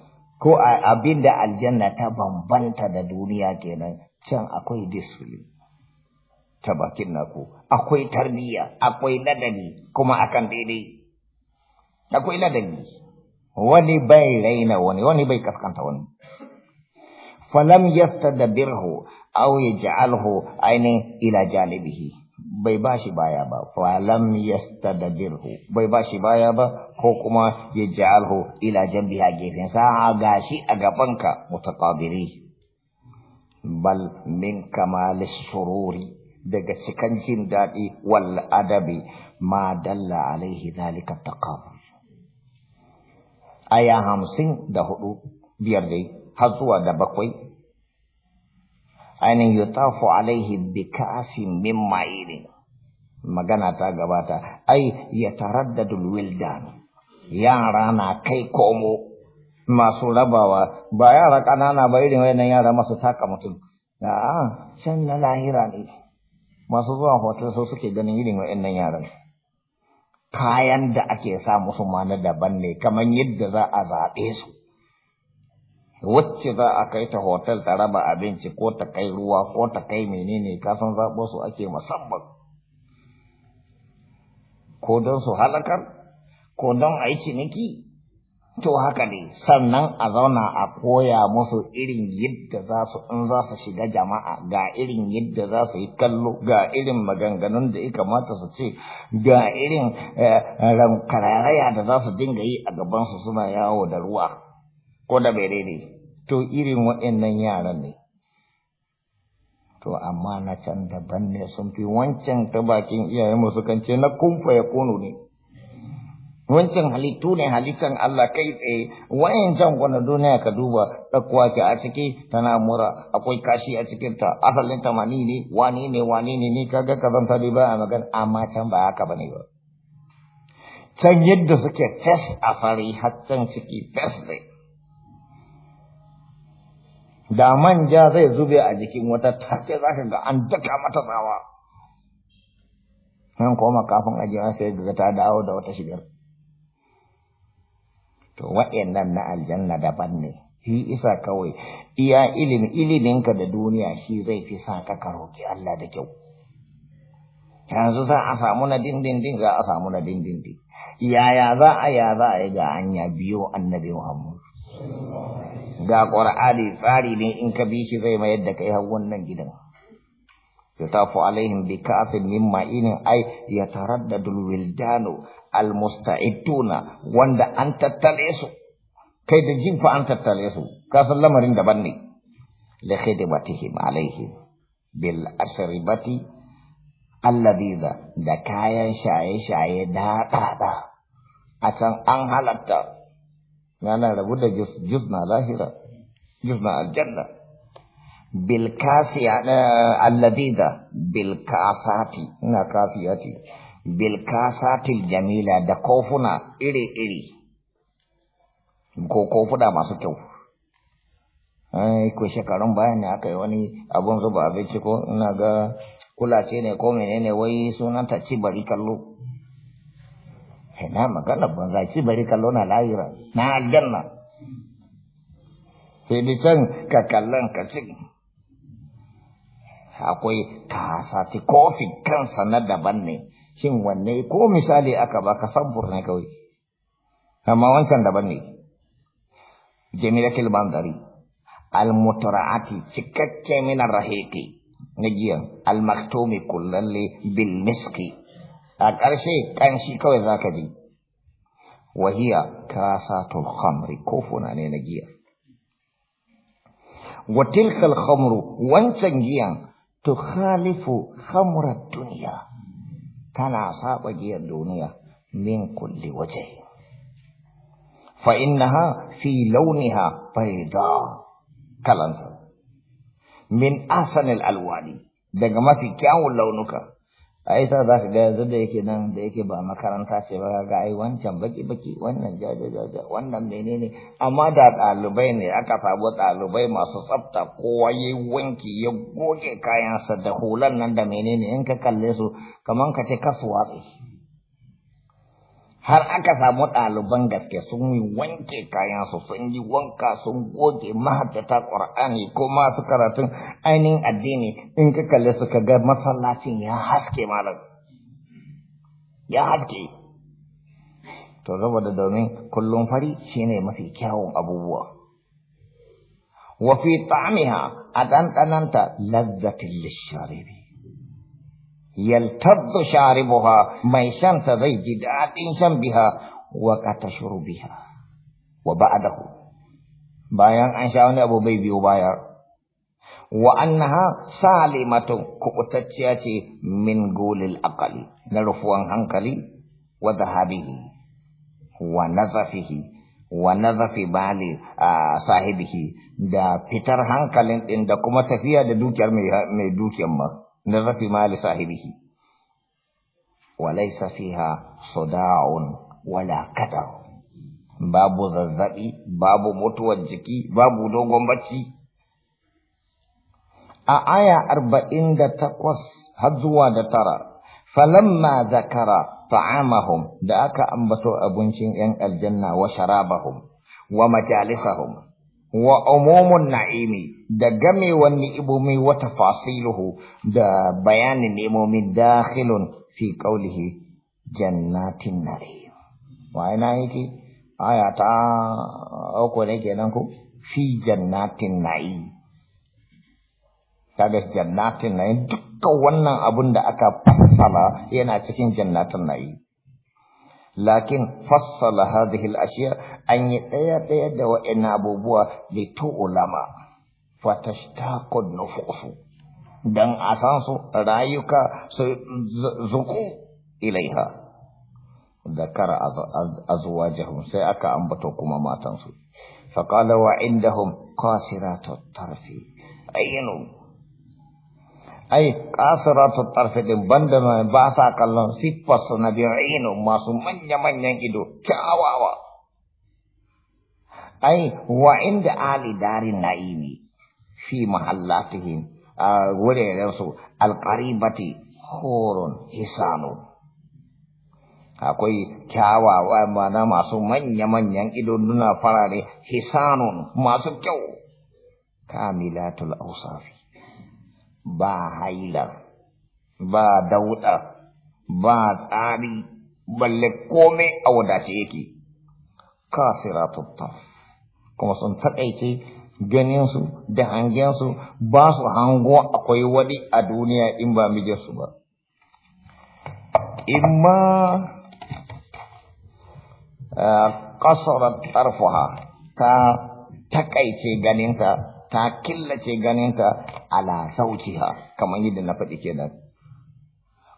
ko a abin da aljanna ta bambanta da duniya kenan can akwai disfili ta bakin naku akwai tarbiyya akwai ladabi kuma akan daidai akwai ladabi wani bai raina wani wani bai kaskanta wani falam yastadbirhu aw yaj'alhu aini ila janibihi bai ba shi baya ba falam yastadbirhu bai ba shi baya ba ko kuma ya ja'alhu ila jan biya gefen sa a gashi a gabanka mutaqabiri bal min kamalis sururi daga cikan jin daɗi wal adabi ma dalla alaihi zalika taqabul aya hamsin da hudu biyar dai har zuwa da bakwai ainihin yutafu alaihi bi kasin min magana ta gabata ai ya taraddadul wildan yara na kai komo masu rabawa ba yara ƙanana ba irin wayannan yara masu taka mutum a'a can na lahira ne masu zuwa hotel so suke ganin irin wayannan yaran kayan da ake sa musu ma na daban ne kamar yadda za a zaɓe su wacce za a kai ta hotel ta raba abinci ko ta kai ruwa ko ta kai menene Ka san zaɓo su ake musamman ko don su halakar ko don a yi ciniki to haka ne sannan a zauna a koya musu irin yadda za su in za su shiga jama'a ga irin yadda za su yi kallo ga irin maganganun da ya kamata su ce ga irin eh, rankararraya da za su dinga yi a gabansu suna yawo da ruwa ko da bai to irin waɗannan yaran ne to amma na can daban ne sun fi wancan ta bakin iyayenmu sukan ce na kumfa ya kono ne wancan halittu ne halittan Allah kai tsaye wayan can wani duniya ka duba ɗakuwa ke a ciki tana mura akwai kashi a cikin ta asalin ta mani ne wani ne wani ne ni kaga ba a magana amma can ba haka bane ba can yadda suke fes a fari har can ciki fes ne da manja zai zube a jikin wata take za ka ga an daka mata tsawa nan koma kafin ajiya sai ga ta dawo da wata shigar to wa'annan na aljanna daban ne shi isa kawai iya ilimi iliminka da duniya shi zai fi sa ka karoki Allah da kyau yanzu za a samu na dindindin za a samu na dindindin yaya za a ya za a yi ga hanya biyo annabi Muhammad ga ƙwar'ani tsari ne in ka bi shi zai mayar da kai har wannan gidan ya tafi alaihim bi kafin min ma'inin ay yataraddadul wildanu almusta'iduna wanda an tattale su kai da jin an tattale su ka san lamarin daban ne li khidmatihim alaihim bil asribati alladhiza da kayan shaye-shaye da dada a can an halatta nana rabu da juzna na lahira juzna aljanna bil kasiya alladida bil kasati ina kasiyati bil kasati jamila da kofuna iri iri ko kofuna masu kyau eh, ai ko shekarun baya ne aka yi wani abun zuba abinci ko ina ga kulace ne ko menene wai sunanta ci bari kallo na magana banza shi bari kallo na lahira na aljanna sai can ka kallon ka ci akwai kasati kofi kansa na daban ne shin wanne ko misali aka ba ka sabur ne kawai amma wancan daban ne jami'atul bandari al-mutara'ati cikakke mina rahiki rahiqi najiyan al-maktumi kullalle bil miski a ƙarshe ƙanshi kawai za ka ji wahiya kasatul khamri ko ne na giya wa tilkal khamru wancan giyan tukhalifu khamrat dunya tana saba giyan duniya min kulli waje fa innaha fi launiha bayda kalanta min ahsanil alwani daga mafi kyawun launuka a isa za ka ga yanzu da yake nan da yake ba makaranta ce ba ga ai wancan baki baki wannan jaja jaja wannan menene amma da ɗalibai ne aka samu ɗalibai masu tsafta kowa ya wanki ya goge kayansa da hulan nan da menene in ka kalle su kamar ka ce kasuwa watsi har aka samu ɗaliban gaske sun yi wanke kayansu sun yi wanka sun goge mahaifata ƙur'ani ko masu karatun ainihin addini in ka kalli suka ga masallacin ya haske malam ya haske to saboda domin kullum fari shine mafi kyawun abubuwa Wafi fi a ɗanɗananta lazzatin lishari. yaltaddu sharibuha mai shanta zai ji daɗin shan biha wa qatashuru biha wa ba'dahu bayan an sha wani abu bai biyo baya wa annaha salimatun kubutacciya ce min golil aqali na rufuwan hankali wa dhahabihi wa nazafihi wa nazafi bali a sahibihi da fitar hankalin din da kuma tafiya da dukiyar mai dukiyar ma min rafi mali sahibihi walaysa fiha suda'un wala kadar babu zazzabi babu mutuwar jiki babu dogon bacci a aya arba'in da takwas har zuwa da tara falamma zakara ta'amahum da aka ambato abincin 'yan aljanna wa sharabahum wa majalisahum wa umumun na'imi da game gamewan mai wata fasiluhu da bayanin ni'imomin dakhilun fi qawlihi jannatin na'im wa ina yake aya ta uku ne kenan ku fi jannatin na'im kaga jannatin na'im dukkan wannan abun da aka fassara yana cikin jannatin na'im لكن فصل هذه الأشياء أن يتيد وإن أبوبوا لتؤلم فتشتاق النفوس دن أساس رأيك زكو إليها ذكر أزواجهم سيأك أنبتوكما ما تنسوا فقال وعندهم قاصرات الطرف عينوا ai kasiratu tarfidin banda ba sa kallon siffar su na masu manya-manyan ido kyawawa ai wa inda ali darin na'imi fi mahallatihim a ah, wuraren su alqaribati horon hisanu akwai kyawawa mana masu manya-manyan ido nuna farare hisanun masu kyau kamilatul ausafi ba haila ba dauɗa ba tsari balle komai a wadace yake kasiratun taf kuma sun taƙaice ganinsu da hangensu ba su hango akwai wani a duniya in ba mijinsu ba imma ƙasar eh, tarfaha ta taƙaice ganinta ta killace ganinta ala sautiha kamar yadda na faɗi kenan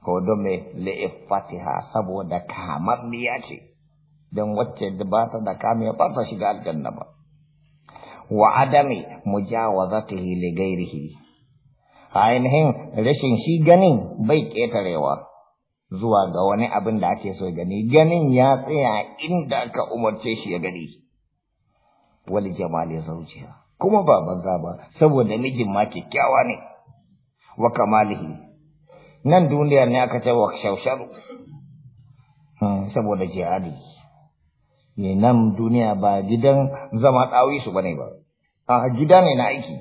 ko don mai laifatiha saboda kamar kamarniya ce don wacce da ba ta da kamar ba ta shiga aljanna ba wa adami mujawazatihi li ghairihi ainihin rashin shi ganin bai ƙetarewa zuwa ga wani abin da ake so gani ganin ya tsaya inda aka umarce shi ya gani wali jamali zaujiya kuma ba banza ba saboda mijin ma kyakkyawa ne wa kamalihi nan duniya ne aka ce wa shausharu hmm, saboda jihadi ne eh, nan duniya ba gidan zama ɗawi su bane ba a gida ne na aiki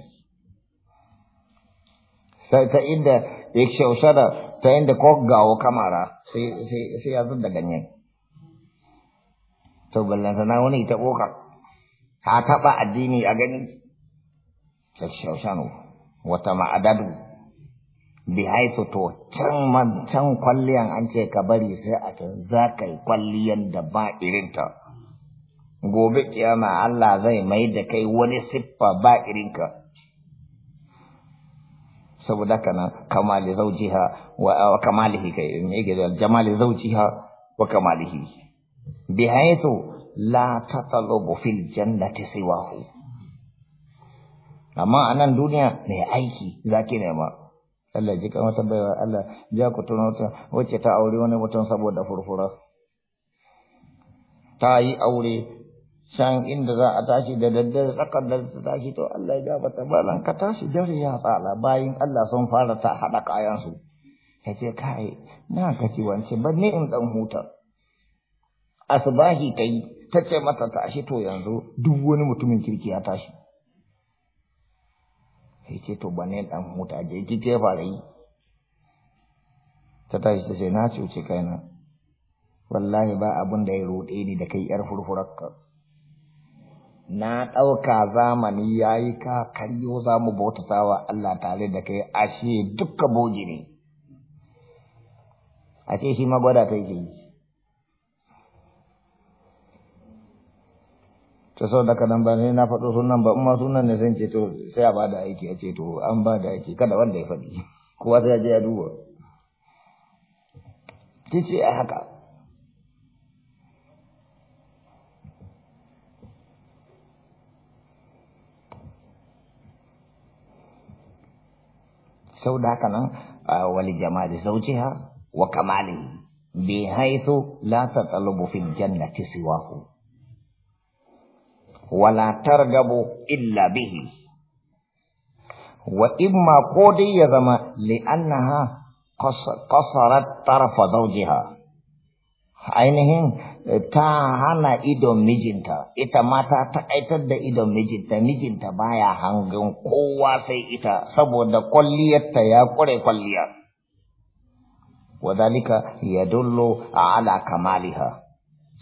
sai ta inda ya shaushara ta inda ko gawo kamara sai ya zan da ganyen to ballan sana wani ta kokar ta taɓa addini a gani shaushanu wata ma'adadu bi haifu to can man can kwalliyan an ce ka bari sai a can za ka yi kwalliyan da ba irinta gobe kiyama Allah zai mai da kai wani siffa ba irinka saboda kana kamali zaujiha wa kamalihi kai ne ga jamali zaujiha wa kamalihi bi haifu la fil jannati siwahu amma a nan duniya mai aiki za ki nema Allah ji ta baiwa Allah ja ku tuno ta wacce ta aure wani mutum saboda furfura ta yi aure shan inda za a tashi da daddare tsakar da ta tashi to Allah ya ta balan ka tashi dare ya tsala bayan Allah sun fara ta haɗa kayansu Ta ce kai na gaji wance ban ne in ɗan huta asubahi kai tace ta ce mata tashi to yanzu duk wani mutumin kirki ya tashi sai ce to ba ne dan huta je ki ke fara yi ta tashi ta ce na cuce kaina wallahi ba abin da ya ruɗe ni da kai yar furfurarka na ɗauka zamani ya yi ka karyo za mu bautata wa Allah tare da kai ashe dukka bogi ne ashe shi magwada ta ke yi ta sau da kadan ba ne na faɗo sunan ba umma sunan ne sun ceto sai a ba da aiki a ceto an ba da aiki kada wanda ya faɗi kowa sai ya je ya duba ki ce a haka sau da haka nan wali jamali ha wa kamalin bi haithu la tatalubu fil jannati siwahu wala targabu illa bihi wa imma ko dai ya zama li'annaha qasarat tarfa zawjiha ainihin eh, ta hana idon mijinta ita mata ta aitar da idon mijinta mijinta baya hangen kowa sai ita saboda kwalliyarta ya ƙure kwalliya wadalika yadullu ala kamaliha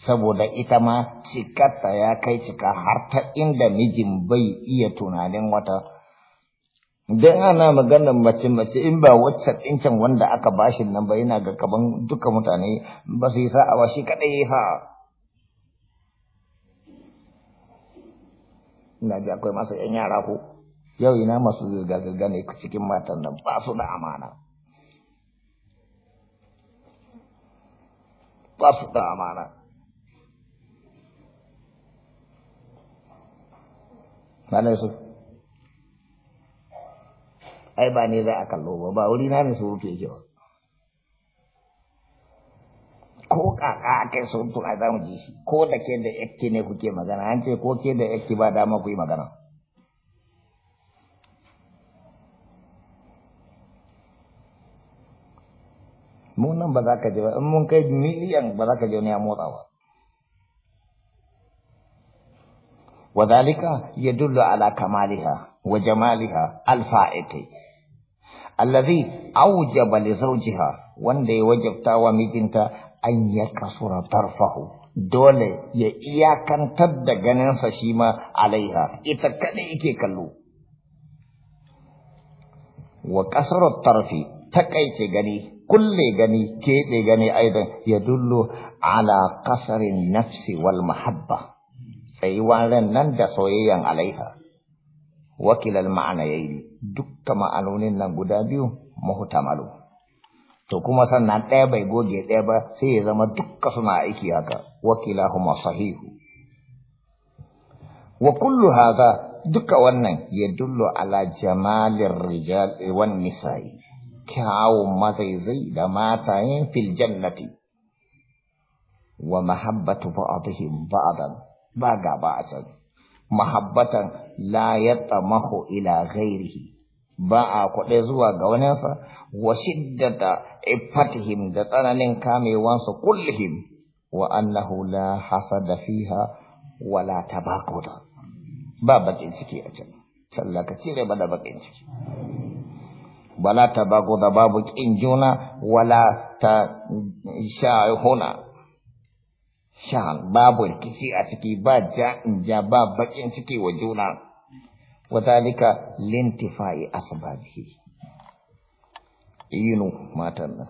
saboda ita ma cikarta ya kai cika har ta inda mijin bai iya tunanin wata don ana maganar mace-mace in ba wacce ɗinkin wanda aka bashin nan ba yana ga kaban duka mutane ba su yi sa'a ba shi kaɗai ya ina ji akwai masu ‘yan yara ko yau ina masu zirga-zirga ne cikin matan nan ba su da amana ba su da amana Malam Yusuf. Ai ba ne za a kallo ba, ba wuri na ne su surutu yake ba. Ko kaka a kai surutu a za mu ji shi, ko da ke da yakki ne kuke magana, an ce ko ke da yakki ba dama ku yi magana. Mu nan ba za ka je ba, in mun kai miliyan ba za ka je ne ya motsa ba. وذلك يدل على كمالها وجمالها الفائت الذي أوجب لزوجها وندي وجبتا ومجنتا أن يكسر طرفه دولة يا كان تد جنان سشيما عليها إتكاليكي كلو وكسر الطرف تكيت جني كل جني كيت جني أيضا يدل على قصر النفس والمحبة tsayuwan ran nan da soyayyan alaiha wakilal ma'ana yayi dukkan ma'anonin nan guda biyu muhtamalu to kuma sannan ɗaya bai goge ɗaya ba sai ya zama dukka suna aiki haka wakilahuma sahihu wa kullu hadha duka wannan ya dullo ala jamalir rijal eh, wan nisa'i kyawun mazaizai da matayen fil jannati wa mahabbatu ba'dihim ba'dan ba gaba a can mahabbatan la mako ila gairihi ba a kwaɗe zuwa ga waninsa wa shiddata ifatihim da tsananin kamewansa kullihim wa annahu la hasada fiha wala tabakuta ba bakin ciki a can sallaka cire ba da bakin ciki wala tabakuta babu kin juna wala ta sha huna shan babu rikici a ciki ba ja ja ba bakin ciki wa juna wa zalika lintifai asbabihi yinu matan nan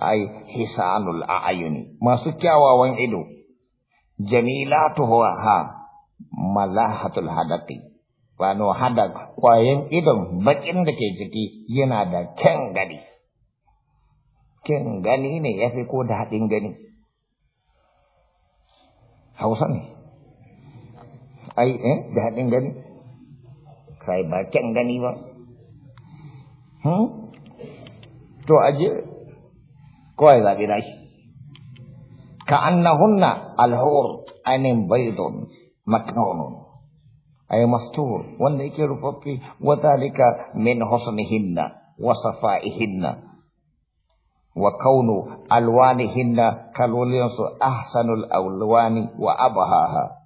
ai hisanul a'yuni masu kyawawan ido jamilatu ha malahatul hadaqi wano hada kwayen idon baƙin da ke ciki yana da kyan gani. Kyan gani ne yafi ko da haɗin gani. hausa ne ai eh da haɗin gani kai ba kyan gani ba hmm? to aje kawai zaɓi na shi ka annahunna alhur ainin baidon maknunun ai mastur wanda yake rufaffe wa zalika min husnihinna wa safa'ihinna wa kaunu alwanihinna kalolinsu ahsanul alwani wa abahaha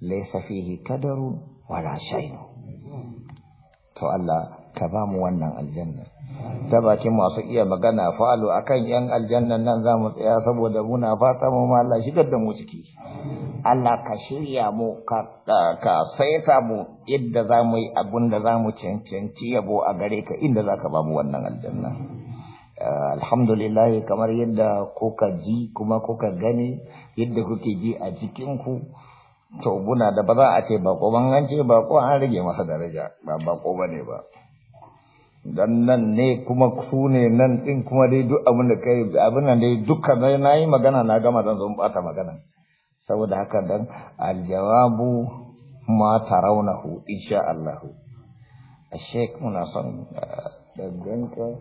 laysa fihi kadarun wala shay'un to Allah ka ba mu wannan aljanna ta bakin masu iya magana falo akan yan aljanna nan za mu tsaya saboda muna fata mu Allah shigar da mu ciki Allah ka shirya mu ka ka saita mu yadda za mu yi abun da za mu cancanci yabo a gare ka inda za ka ba mu wannan aljanna Ah, alhamdulillah kamar yadda kuka ji kuma kuka gani yadda kuke ji a cikinku to buna da ba za a ce bako ban bako an rage masa daraja ba bako ba ne ba dan nan ne kuma ku ne nan din kuma dai duk abin da kai abin nan dai duka na yi magana na gama zan zo bata magana saboda haka dan aljawabu ma tarawnahu insha Allah Sheikh muna son ah, ganka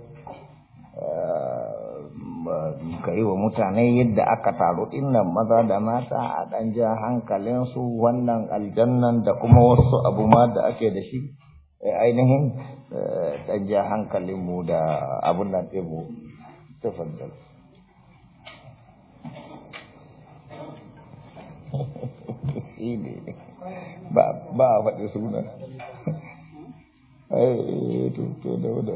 ka yi wa mutane yadda aka taru innan maza da mata a ɗan ja hankalinsu wannan aljannan da kuma wasu abu ma da ake da shi eh, ainihin eh, ɗan ja hankalinmu da abun nan ɗinmu tafaddal ba a faɗi suna eh, to da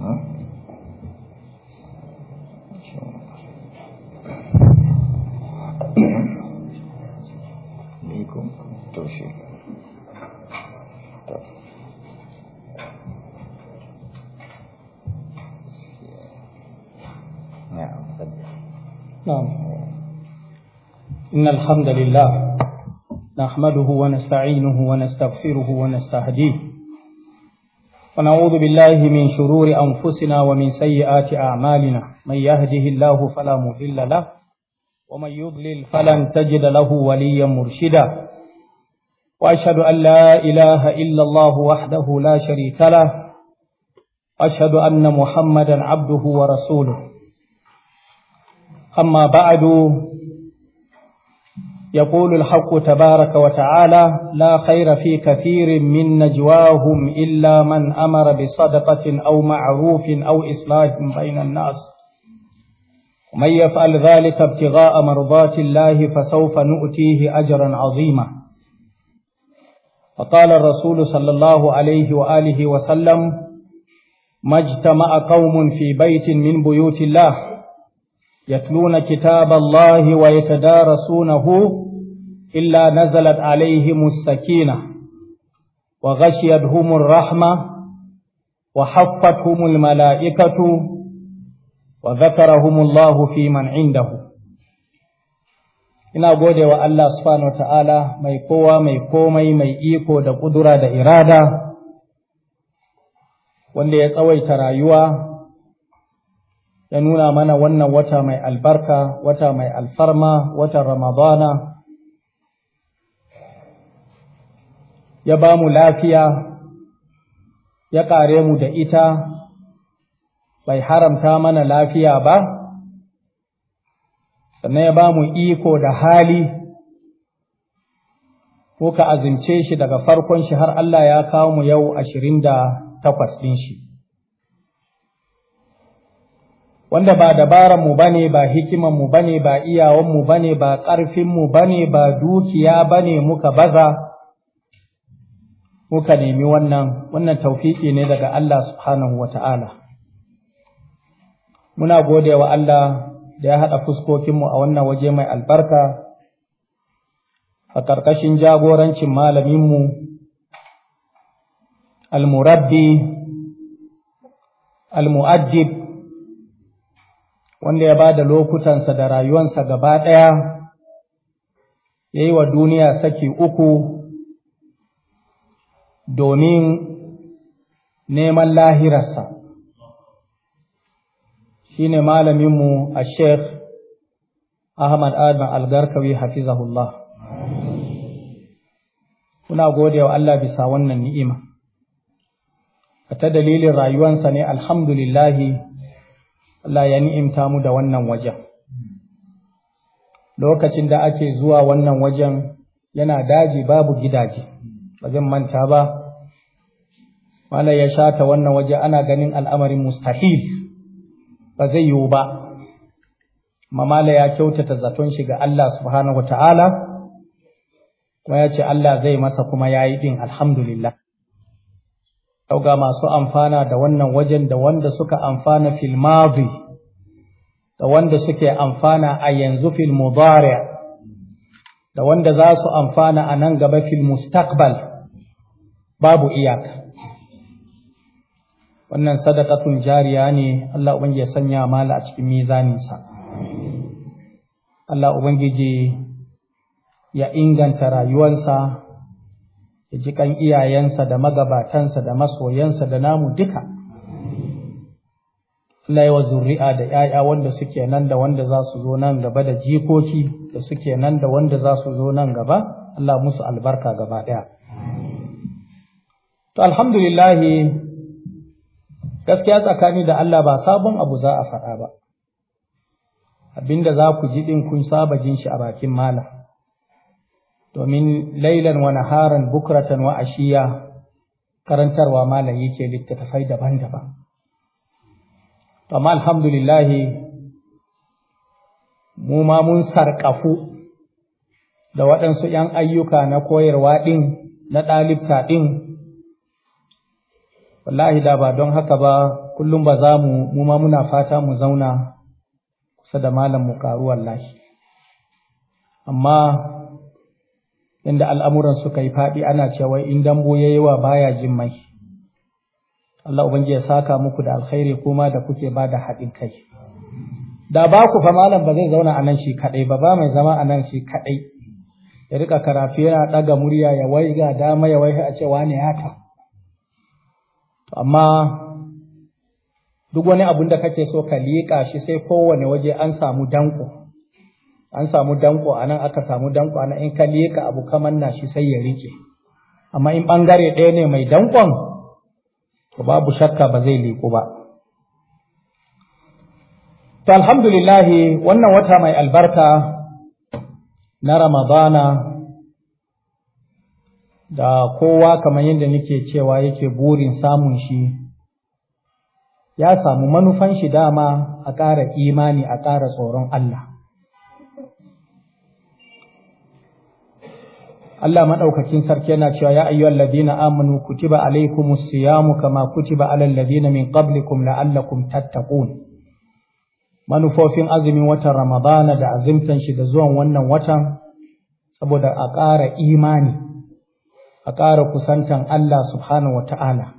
طيب. نعم نعم إن الحمد لله نحمده ونستعينه ونستغفره ونستهديه ونعوذ بالله من شرور أنفسنا ومن سيئات أعمالنا من يهده الله فلا مضل له ومن يضلل فلن تجد له وليا مرشدا وأشهد أن لا إله إلا الله وحده لا شريك له وأشهد أن محمدا عبده ورسوله أما بعد يقول الحق تبارك وتعالى لا خير في كثير من نجواهم إلا من أمر بصدقة أو معروف أو إصلاح بين الناس ومن يفعل ذلك ابتغاء مرضات الله فسوف نؤتيه أجرا عظيما فقال الرسول صلى الله عليه وآله وسلم ما اجتمع قوم في بيت من بيوت الله يتلون كتاب الله ويتدارسونه إلا نزلت عليهم السكينة وغشيتهم الرحمة وحفتهم الملائكة وذكرهم الله في من عنده ina gode wa Allah subhanahu wa ta'ala mai kowa mai komai mai iko da ƙudura da irada wanda ya tsawaita rayuwa ya nuna mana wannan wata mai albarka wata mai alfarma watan ramadana ya ba mu lafiya ya ƙare mu da ita bai haramta mana lafiya ba sannan ya ba mu iko da hali ko ka azince shi daga farkon shi har Allah ya kawo mu yau ashirin da takwas ɗin shi. wanda ba dabaran mu bane ba hikiman mu bane ba iyawan mu bane ba ƙarfin mu bane ba dukiya bane muka baza muka nemi wannan wannan tawfiki ne daga Allah subhanahu wata'ala muna gode wa Allah da ya haɗa fuskokinmu a wannan waje mai albarka a ƙarƙashin jagorancin malaminmu almurabbi almu'ajib. wanda ya ba da lokutansa da rayuwansa gaba ɗaya ya yi wa duniya saki uku domin neman lahirarsa shi ne malaminmu a sheikh ahmad adam algarkawi hafizahullah kuna gode wa Allah bisa wannan ni'ima a ta dalilin rayuwansa ne alhamdulillahi Allah ya ni'imta mu da wannan wajen lokacin da ake zuwa wannan wajen yana daji babu gidaje wajen manta ba wala ya sha ta wannan waje ana ganin al'amarin mustahil ba zai yiwu ba mamala ya kyautata zaton shi ga Allah subhanahu wa ta'ala kuma ya ce Allah zai masa kuma ya yi ɗin alhamdulillah yau masu amfana da wannan wajen da wanda suka amfana fil madi da wanda suke amfana a yanzu fil mudari da wanda za su amfana a nan gaba fil mustaqbal babu iyaka wannan tun jariya ne Allah ubangiji ya sanya mala a cikin mizaninsa Allah ubangiji ya inganta rayuwarsa ya ji kan iyayensa da magabatansa da masoyansa da namu duka Allah wa zuri'a da ‘ya'ya wanda suke nan da wanda za su zo nan gaba da jikoki da suke nan da wanda za su zo nan gaba Allah musu albarka gaba ɗaya. To alhamdulillahi gaskiya tsakani da Allah ba sabon abu za a faɗa ba abinda za ku ji ɗin kun saba jin shi a bakin malam domin lailan wa naharan bukratan wa ashiya karantarwa malam yake littafai daban-daban amma alhamdulillah mu ma mun sarƙafu da waɗansu ‘yan ayyuka na koyarwa ɗin na ɗalibta ɗin wallahi da ba don haka ba kullum ba za mu mu ma muna fata mu zauna kusa da malam mu ƙaru wallahi amma inda al'amuran suka yi faɗi ana cewa in dambo ya yi wa baya jin mai. Allah Ubangiji ya saka muku da alkhairi kuma da kuke ba da haɗin kai. Da ba ku fa malam ba zai zauna a nan shi kaɗai ba, ba mai zama a nan shi kaɗai. Ya rika karafi yana ɗaga murya ya ga dama ya wai a cewa ne haka. Amma duk wani abun da kake so ka liƙa shi sai kowane waje an samu danko an samu danko a nan aka samu danko a nan in ka leka abu kamar na shi sai ya rike amma in ɓangare ɗaya ne mai dankon to babu shakka ba zai liku ba to alhamdulillah wannan wata mai albarka na ramadana da kowa kamar yadda nake cewa yake burin samun shi ya samu manufan shi dama a ƙara imani a ƙara tsoron Allah Allah maɗaukakin sarki yana cewa ya ayyuhal ladina amanu kutiba alaikumus siyamu kama kutiba alal ladina min qablikum la'allakum tattaqun manufofin azumin watan Ramadana da azumtan shi da zuwan wannan watan saboda a ƙara imani a ƙara kusantan Allah subhanahu wata'ala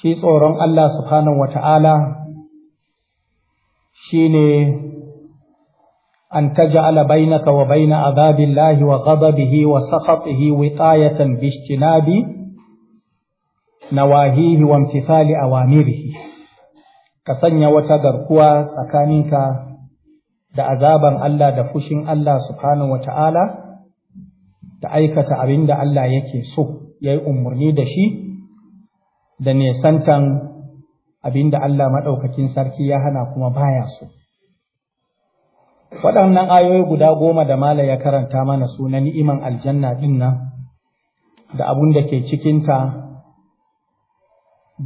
shi tsoron Allah subhanahu wata'ala shine أن تجعل بينك وبين عذاب الله وغضبه وسخطه وقاية باجتناب نواهيه وامتثال أوامره كسنيا وتدركوا سكانك da azaban Allah da fushin Allah subhanahu ta'ala da aikata abin da Allah yake so ya yi umarni da shi da nesantan abin da Allah maɗaukakin sarki ya hana kuma baya so. waɗannan ayoyi guda goma da mala ya karanta mana suna ni'iman aljanna ɗin nan da abun da ke cikinta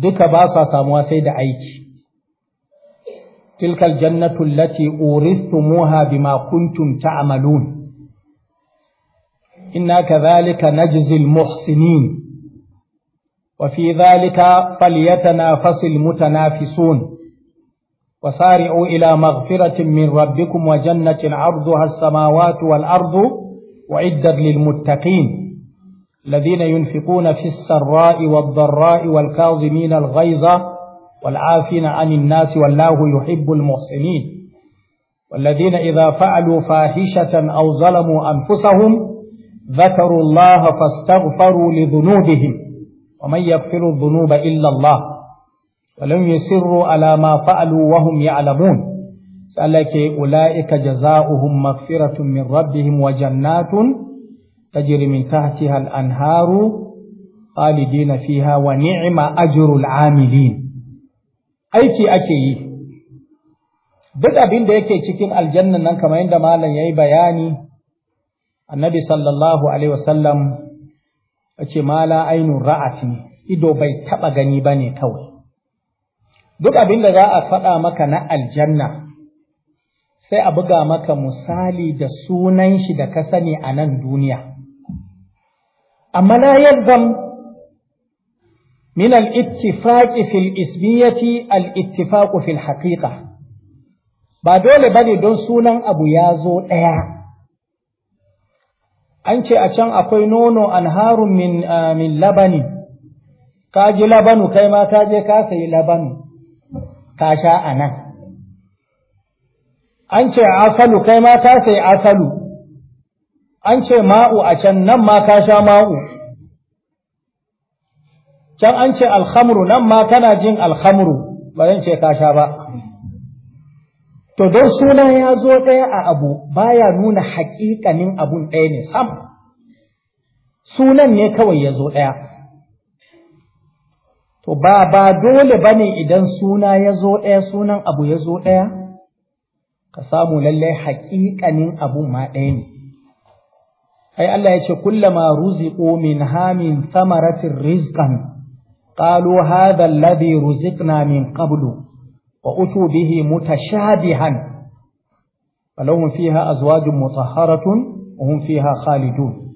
duka ba sa samuwa sai da aiki tilkal jannatu allati uristumuha bima kuntum ta'malun inna kadhalika najzi almuhsinin wa fi dhalika falyatanafasil mutanafisun وسارعوا إلى مغفرة من ربكم وجنة عرضها السماوات والأرض وعدت للمتقين الذين ينفقون في السراء والضراء والكاظمين الغيظ والعافين عن الناس والله يحب المحسنين والذين إذا فعلوا فاحشة أو ظلموا أنفسهم ذكروا الله فاستغفروا لذنوبهم ومن يغفر الذنوب إلا الله walam yusirru ala ma fa'alu wa hum Salake, sai Allah ke ulaika jazaohum maghfiratun min rabbihim wa jannatun tajri min tahtiha anharu khalidina fiha wa ni'ma ajrul amilin aiki ake yi duk abinda da yake cikin aljanna nan kamar yadda malam yi bayani annabi sallallahu alaihi wasallam yace mala ainun ra'ati ido bai taɓa gani ba ne kawai duk abin da za a faɗa maka na aljanna sai a buga maka misali da sunan shi da ka sani a nan duniya amma na yalzam min al fil ismiyati al-ittifaqu fil haƙiƙa. ba dole bane don sunan abu ya zo ɗaya an ce a can akwai nono anharun min ah, labani ka ji labanu kai ma ka je ka sayi labanu ka sha a nan an ce asalu kai ma ka sai asalu an ce ma'u a can nan ma ka ma'u can an ce alhamru nan ma kana jin alhamru ba zan ce ka sha ba to don suna ya zo ɗaya a abu baya nuna haƙiƙanin abun ɗaya ne sam sunan ne kawai ya zo ɗaya to ba ba dole bane idan suna ya zo ɗaya sunan abu ya zo ɗaya ka samu lallai haƙiƙanin abun ma ɗaya ne ai Allah ya ce kullama ruziƙo min hamin samaratin rizqan ƙalo hadha alladhi ruziqna min qablu wa utu bihi mutashabihan falahum fiha azwajun mutahharatun wa hum fiha khalidun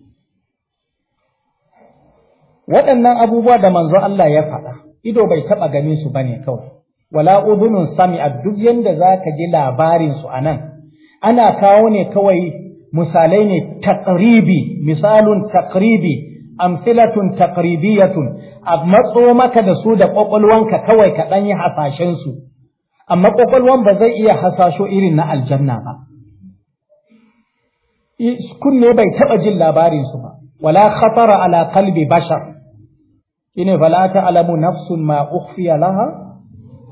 waɗannan abubuwa da manzo Allah ya faɗa ido bai taɓa ganin su bane kawai wala sami a duk yanda zaka ji labarin su anan ana kawo ne kawai misalai ne takribi, misalun takribi amsilatun takribiyatun a matso maka da su da ƙwaƙwalwanka kawai ka ɗan yi hasashen su amma ƙwaƙwalwan ba zai iya hasasho irin na aljanna ba kunne bai taɓa jin labarin su ba wala khatara bashar, qalbi bashar shine fala ta'lamu nafsun ma ukhfiya laha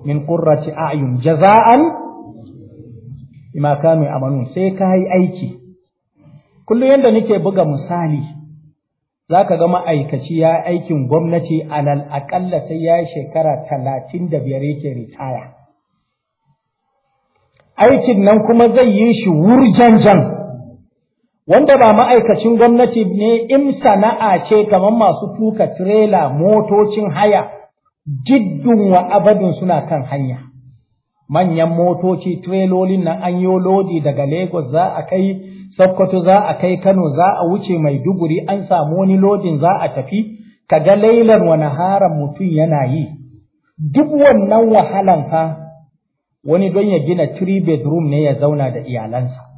min qurrati a'yun jaza'an bima kanu amanun sai kai aiki kullu yanda nake buga misali zaka ga ma'aikaci ya aikin gwamnati alal aqalla sai ya shekara talatin da biyar yake ritaya aikin nan kuma zai yi shi wurjanjan wanda ba ma'aikacin gwamnati ne in sana'a ce kamar masu tuka tirela motocin haya jiddun wa abadin suna kan hanya manyan motoci tirelolin na an yi lodi daga Lagos za a kai Sokoto za a kai Kano za a wuce Maiduguri an samu wani lodin za a tafi ga lailan wani haram mutum yana yi duk wannan wahalan fa wani don ya gina three bedroom ne ya zauna da iyalansa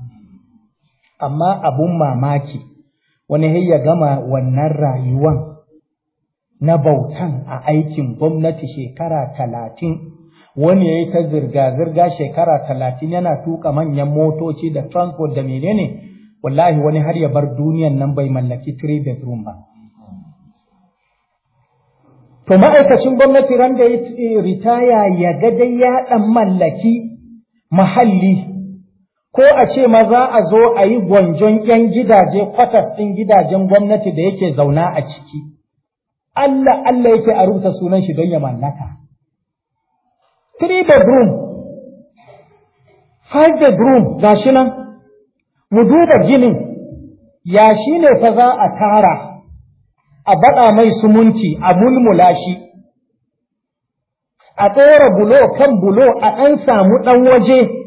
amma abun mamaki wani har ya gama wannan rayuwan na bautan a aikin gwamnati shekara talatin wani ya yi ta zirga-zirga shekara talatin yana tuka manyan motoci da transport da menene wallahi wani har ya bar duniyan nan bai mallaki three bedroom ba to ma'aikacin gwamnati ran ya eh, ritaya ya ga dai ya dan mallaki mahalli ko a ce ma za a zo a yi gwanjon 'yan gidaje kwatas ɗin gidajen gwamnati da yake zauna a ciki Allah Allah yake a rubuta sunan shi don ya mallaka three bedroom five bedroom ga shi nan mu duba ginin ya shi ne fa za a tara a baɗa mai sumunci a mulmula shi a tsora bulo kan bulo a ɗan samu ɗan waje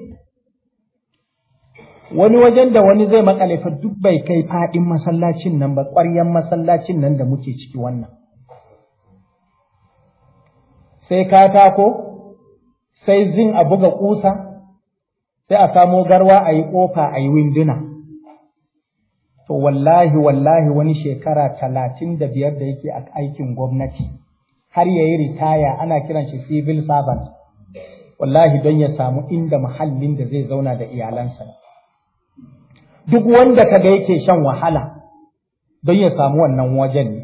wani wajen da wani zai makale fa duk bai kai fadin masallacin nan ba ƙwaryan masallacin nan da muke ciki wannan sai katako sai zin a buga kusa sai a samo garwa a yi ƙofa a yi winduna to wallahi wallahi wani shekara talatin da biyar da yake a aikin gwamnati har ya yi ritaya ana kiran shi civil servant wallahi don ya samu inda muhallin da zai zauna da iyalansa duk wanda kaga yake shan wahala don ya samu wannan wajen ne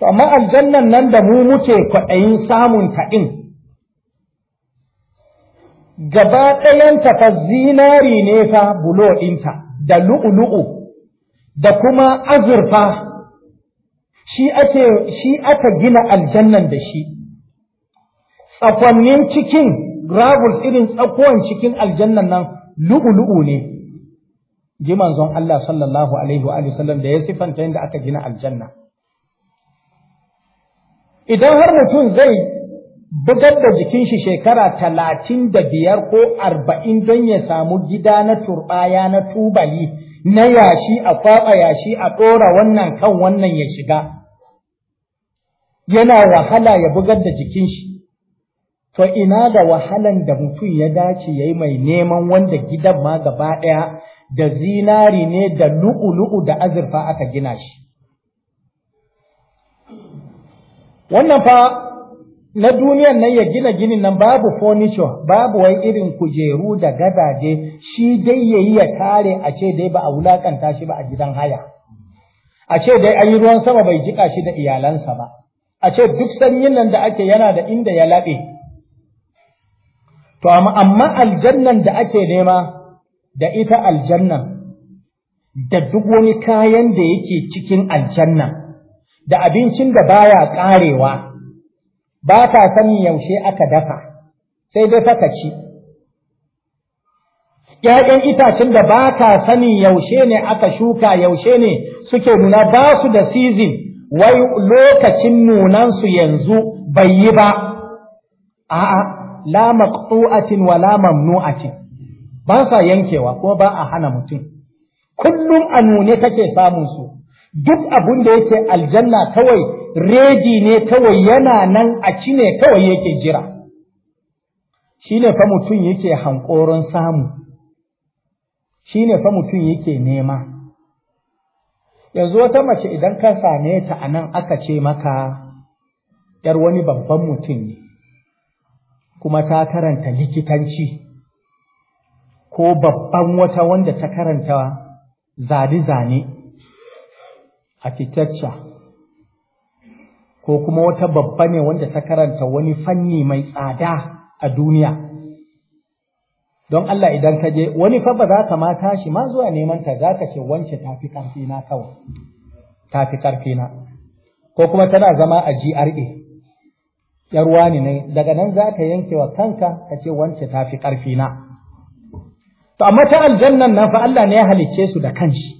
to amma aljannan nan da mu muke kwaɗayin samun ta gaba ɗayanta ta zinari ne fa bulo ɗinta da lu'ulu'u da kuma azurfa shi aka gina aljannan da shi tsakonnin cikin gravels irin tsakuwan cikin aljannan nan lu'ulu'u ne ji manzon Allah sallallahu alaihi wa sallam da ya sifanta yadda aka gina aljanna idan har mutum zai bugar da jikin shi shekara talatin da biyar ko arba'in don ya samu gida na turɓaya na tubali na yashi a kwaɓa yashi a ɗora wannan kan wannan ya shiga yana wahala ya bugar da jikin shi to ina da wahalan da mutum ya dace yayi mai neman wanda gidan ma gaba ɗaya da zinari ne da lu'ulu'u da azurfa aka gina shi wannan fa na duniyan nan ya gina ginin nan babu furniture babu wai irin kujeru da gadaje shi dai yayi ya tare a ce dai ba a wulakanta shi ba a gidan haya a ce dai ayi ruwan sama bai jika shi da iyalansa ba a ce duk sanyin nan da ake yana da inda ya laɓe To amma aljannan da ake nema da ita aljannan da duk wani kayan da yake cikin aljannan da abincin da baya ƙarewa, ba ta sanin yaushe aka dafa sai dai ta ci. ‘Ya'yan itacen da ba ta sanin yaushe ne aka shuka yaushe ne suke nuna ba su da season wai lokacin nunansu yanzu bai yi ba, a'a. la maqtu'atin wa la mamnu'atin ba sa yankewa ko ba a hana mutum kullum a nune take samun su duk abun da yake aljanna kawai redi ne kawai yana nan a ci ne kawai yake jira shine fa mutum yake hankoron samu shine fa mutum yake nema yanzu wata mace idan ka same ta a nan aka ce maka ‘yar wani babban mutum ne, kuma ta karanta likitanci ko babban wata wanda ta karanta zane-zane architecture ko kuma wata babba ne wanda ta karanta wani fanni mai tsada a duniya don Allah idan ka je wani fa ba za ka ma tashi ma zuwa neman ta za ka ce wance fi karfi na kawai fi karfi na ko kuma tana zama a GRA yar wani ne daga nan za ka yanke wa kanka ka ce wance ta fi ƙarfi na to amma ta aljannan na, fa Allah ne ya halicce su da kanshi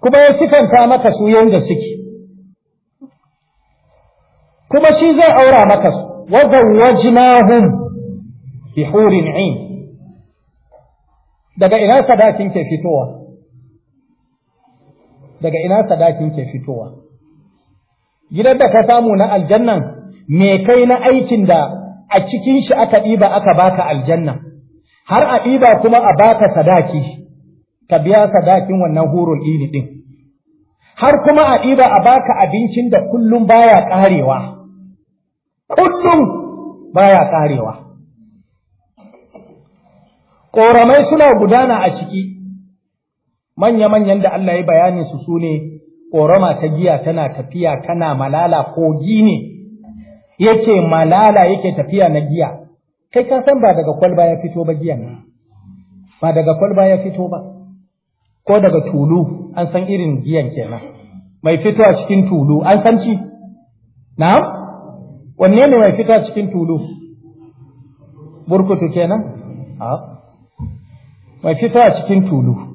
kuma ya sifanta maka su yanda suke kuma shi zai aura maka su wa zawwajnahum bi hurin 'ain daga ina daga ina sadakin ke fitowa gidan da ka samu na aljannan me kai na aikin da a cikin shi aka ɗiba aka baka aljanna har a ɗiba kuma a baka sadaki ka biya sadakin wannan hurul iri ɗin har kuma a ɗiba a baka abincin da kullum baya ƙarewa kullum baya ƙarewa ƙoramai suna gudana a ciki manya-manyan da Allah ya bayani su sune ƙorama ta giya tana tafiya tana malala kogi ne yake malala yake tafiya na giya kai ka san ba daga kwalba ya fito ba giya nan ba daga kwalba ya fito ba ko daga tulu an san irin giyan kenan mai fito a cikin tulu an san ci na'am wanne ne mai fito a cikin tulu burkutu kenan a mai fito a cikin tulu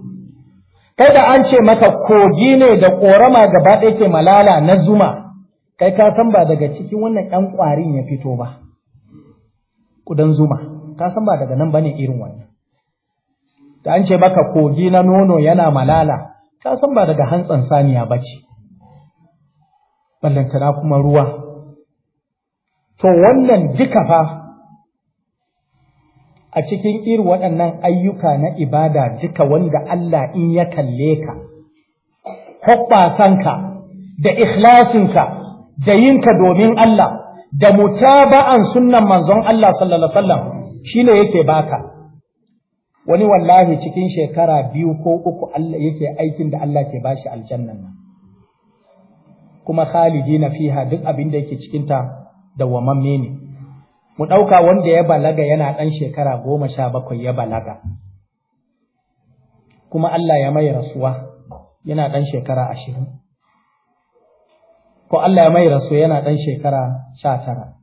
kai da an ce maka kogi ne da ƙorama gaba ɗaya ke malala na zuma kai ka san ba daga cikin wannan ɗan ƙwarin ya fito ba kudan zuma ka san ba daga nan bane irin wannan da an ce maka kogi na nono yana malala ka san ba daga hantsan saniya ba ce ballantana kuma ruwa to wannan duka fa a cikin irin waɗannan ayyuka na ibada duka wanda Allah in ya kalle ka, ka, da ikhlasinka da yinka domin Allah da mutaba'an sunnan manzon Allah sallallahu Alaihi shi ne yake baka. Wani wallahi cikin shekara biyu ko uku Allah yake aikin da Allah ke bashi aljannan nan. Kuma khalidi na fiha duk abin da yake cikinta dawwamamme ne. mu ɗauka wanda ya balaga yana ɗan shekara goma sha bakwai ya balaga kuma Allah ya mai rasuwa yana ɗan shekara ashirin ko Allah ya mai rasuwa yana ɗan shekara sha tara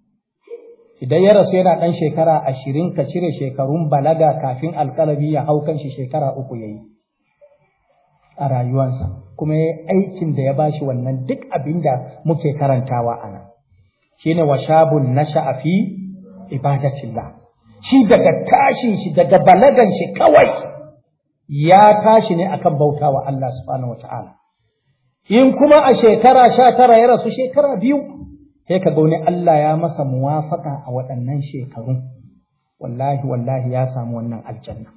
idan ya rasu yana ɗan shekara ashirin ka cire shekarun balaga kafin alƙalabi ya hau kanshi shekara uku ya yi a rayuwarsa kuma ya aikin da ya bashi wannan duk abin da muke karantawa a nan shine washabun nasha'a fi ibadatillah shi daga tashin shi daga balagan shi kawai ya tashi ne akan bauta wa Allah subhanahu in kuma a shekara sha tara ya rasu shekara biyu sai ka gauni Allah ya masa muwafaka a waɗannan shekarun wallahi wallahi ya samu wannan aljanna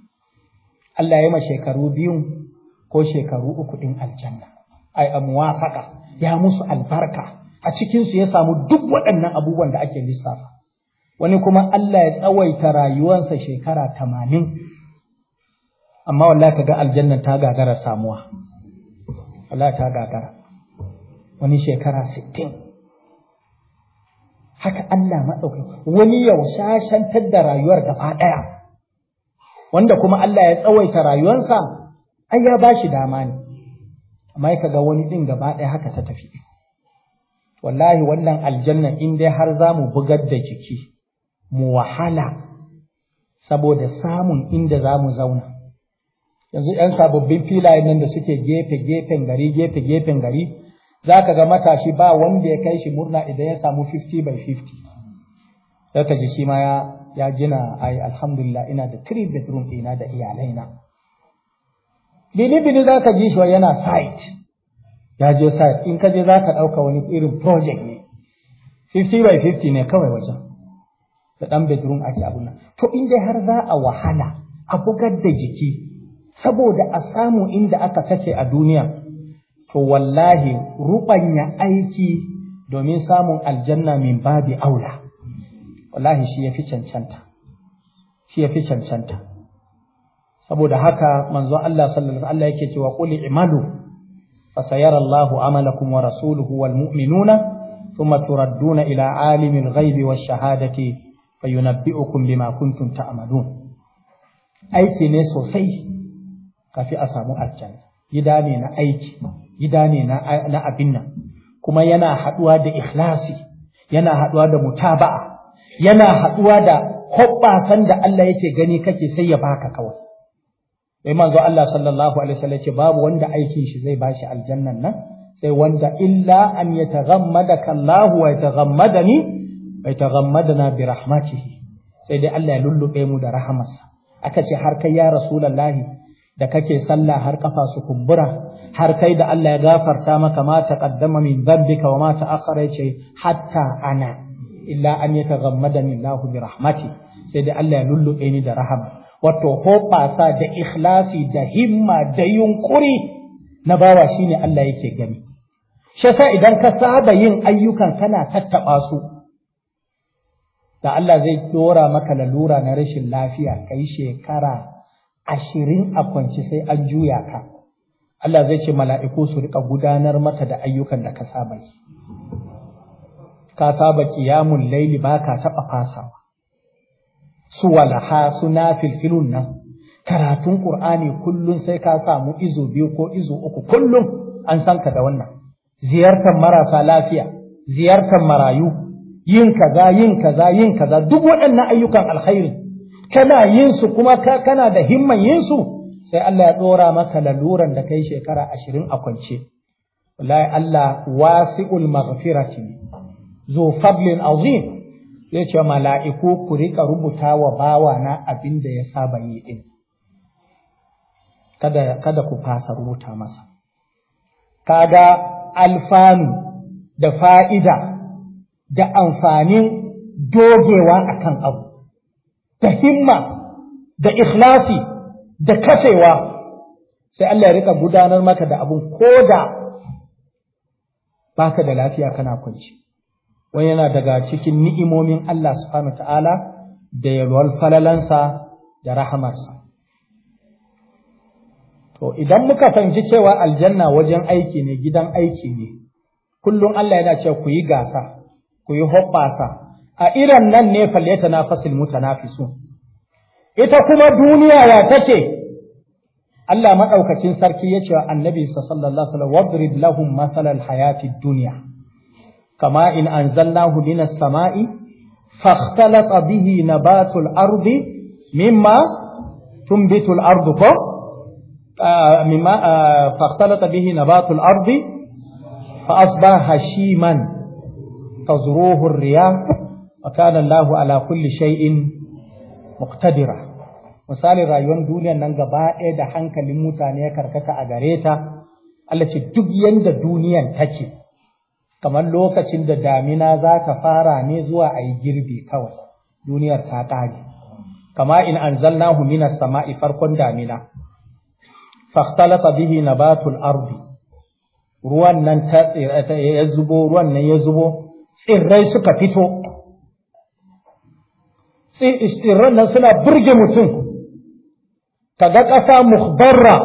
Allah ya ma shekaru biyu ko shekaru uku ɗin aljanna ai a muwafaka ya musu albarka a cikinsu ya samu duk waɗannan abubuwan da ake lissafa wani kuma Allah ya tsawaita rayuwarsa shekara tamanin amma wallahi kaga aljanna ta gagara samuwa wallahi ta gagara wani shekara sittin haka Allah maɗauki wani yausashantar tadda rayuwar gaba ɗaya wanda kuma Allah ya tsawaita rayuwarsa ai ya ba shi dama ne amma kaga wani ɗin gaba ɗaya haka ta tafi wallahi wannan aljanna in dai har za mu bugar da jiki mu wahala saboda samun inda za mu zauna yanzu 'yan sababbin filayen nan da suke gefe-gefen gari gefe-gefen gari za ka ga matashi ba wanda ya kai shi murna idan ya samu 50 by 50 Ya ka ji shi ma ya gina ai alhamdulillah ina da 3 bedroom ina da iyalaina bini-bini za ka ji shi yana site ya je site in ka je za ka ɗauka wani irin project ne 50 by 50 ne kawai wajen da ɗan bedroom ake abun nan to in dai har za a wahala a bugar da jiki saboda a samu inda aka kashe a duniya to wallahi ruɓanya aiki domin samun aljanna min babi aula wallahi shi yafi cancanta shi yafi cancanta saboda haka manzon Allah sallallahu alaihi wasallam yake cewa qul i'malu fasayara Allahu amalakum wa rasuluhu wal mu'minuna turadduna ila alimin عالم الغيب والشهادة fa yunabbi'ukum bima kuntum ta'malun aiki ne sosai kafi a samu aljanna gida ne na aiki gida ne na na abin nan kuma yana haduwa da ikhlasi yana haduwa da mutaba'a yana haduwa da hobbasan da Allah yake gani kake sai ya baka kawai sai manzo Allah sallallahu alaihi wasallam ce babu wanda aikin shi zai bashi aljannan nan sai wanda illa an yataghammadaka Allah wa yataghammadani bai taghammadana bi rahmatihi sai dai Allah ya lullube mu da rahamarsa aka ce har kai ya rasulullahi da kake sallah har kafa su kumbura har kai da Allah ya gafarta maka ma taqaddama min dhanbika wa ma ta'akhkhara yace hatta ana illa an yataghammadani Allah bi rahmati sai dai Allah ya lullube ni da rahama wato hoɓasa da ikhlasi da himma da yunkuri na bawa shine Allah yake gani shi idan ka saba yin ayyukan kana tattaba su da Allah zai dora maka lalura na rashin lafiya kai shekara ashirin a kwanci sai an juya ka Allah zai ce mala'iku su riƙa gudanar maka da ayyukan da ka saba yi ka saba kiyamun laili ba ka taɓa fasawa su walaha su filfilun nan karatun ƙur'ani kullum sai ka samu izo biyu ko izo uku kullum an san ka da wannan ziyartar marasa lafiya ziyartar marayu yin kaza yin kaza yin kaza duk waɗannan ayyukan alkhairi kana yin su kuma ka kana da himman yin su sai Allah ya dora maka laluran da kai shekara 20 a kwance wallahi Allah wasi'ul maghfirati zu fadlin azim ya ce mala'iku ku rika rubuta wa bawa na abin da ya saba yi din kada kada ku fasa rubuta masa kaga alfanu da fa'ida da amfanin dogewa kan abu da himma da ikhlasi da kasewa sai Allah ya rika gudanar maka da abun koda baka da lafiya kana kwanci wani yana daga cikin ni'imomin Allah subhanahu ta'ala da yalwar falalansa da rahamarsa to idan muka fahimci cewa aljanna wajen aiki ne gidan aiki ne kullum Allah yana cewa ku yi gasa ku yi hoɓɓasa a irin nan ne falleta na fasil mutanafisu ita kuma duniya ya take Allah maɗaukacin sarki ya ce wa annabi sallallahu alaihi wasallam wadrib lahum masalan hayati duniya kama in anzalnahu minas sama'i fakhtalata bihi na batul ardi mimma tun tumbitul ardu ko mimma fakhtalata na batul ardi fa asbaha hashiman تزروه الرياح وكان الله على كل شيء مقتدرا misali rayuwar duniyar nan gaba ɗaya da hankalin mutane ya karkata a gare ta Allah ce duk yadda duniyar take kamar lokacin da damina za ta fara ne zuwa a yi girbi kawai duniyar ta ƙare kama in anzalnahu minas sama'i farkon damina fakhtalata bihi nabatul ardi ruwan nan ya zubo ruwan nan ya zubo tsirrai suka fito tsirran nan suna burge mutum kaga ƙasa muhbarra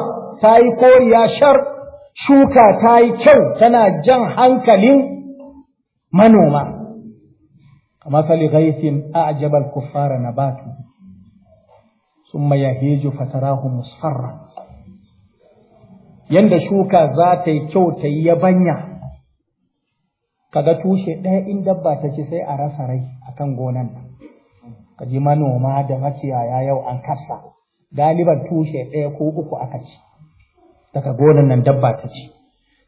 ta yi koriya shar shuka ta yi kyau tana jan hankalin manoma مثل غيث أعجب الكفار Sun ثم يهيج fatarahu مصفرا yanda shuka za ta yi kyau ta yi yabanya kaga tushe ɗaya in dabba ta ci sai a rasa rai a kan gonan nan ji manoma da maciyaya yau an kasa galiban tushe ɗaya ko uku aka ci daga gonan nan dabba ta ci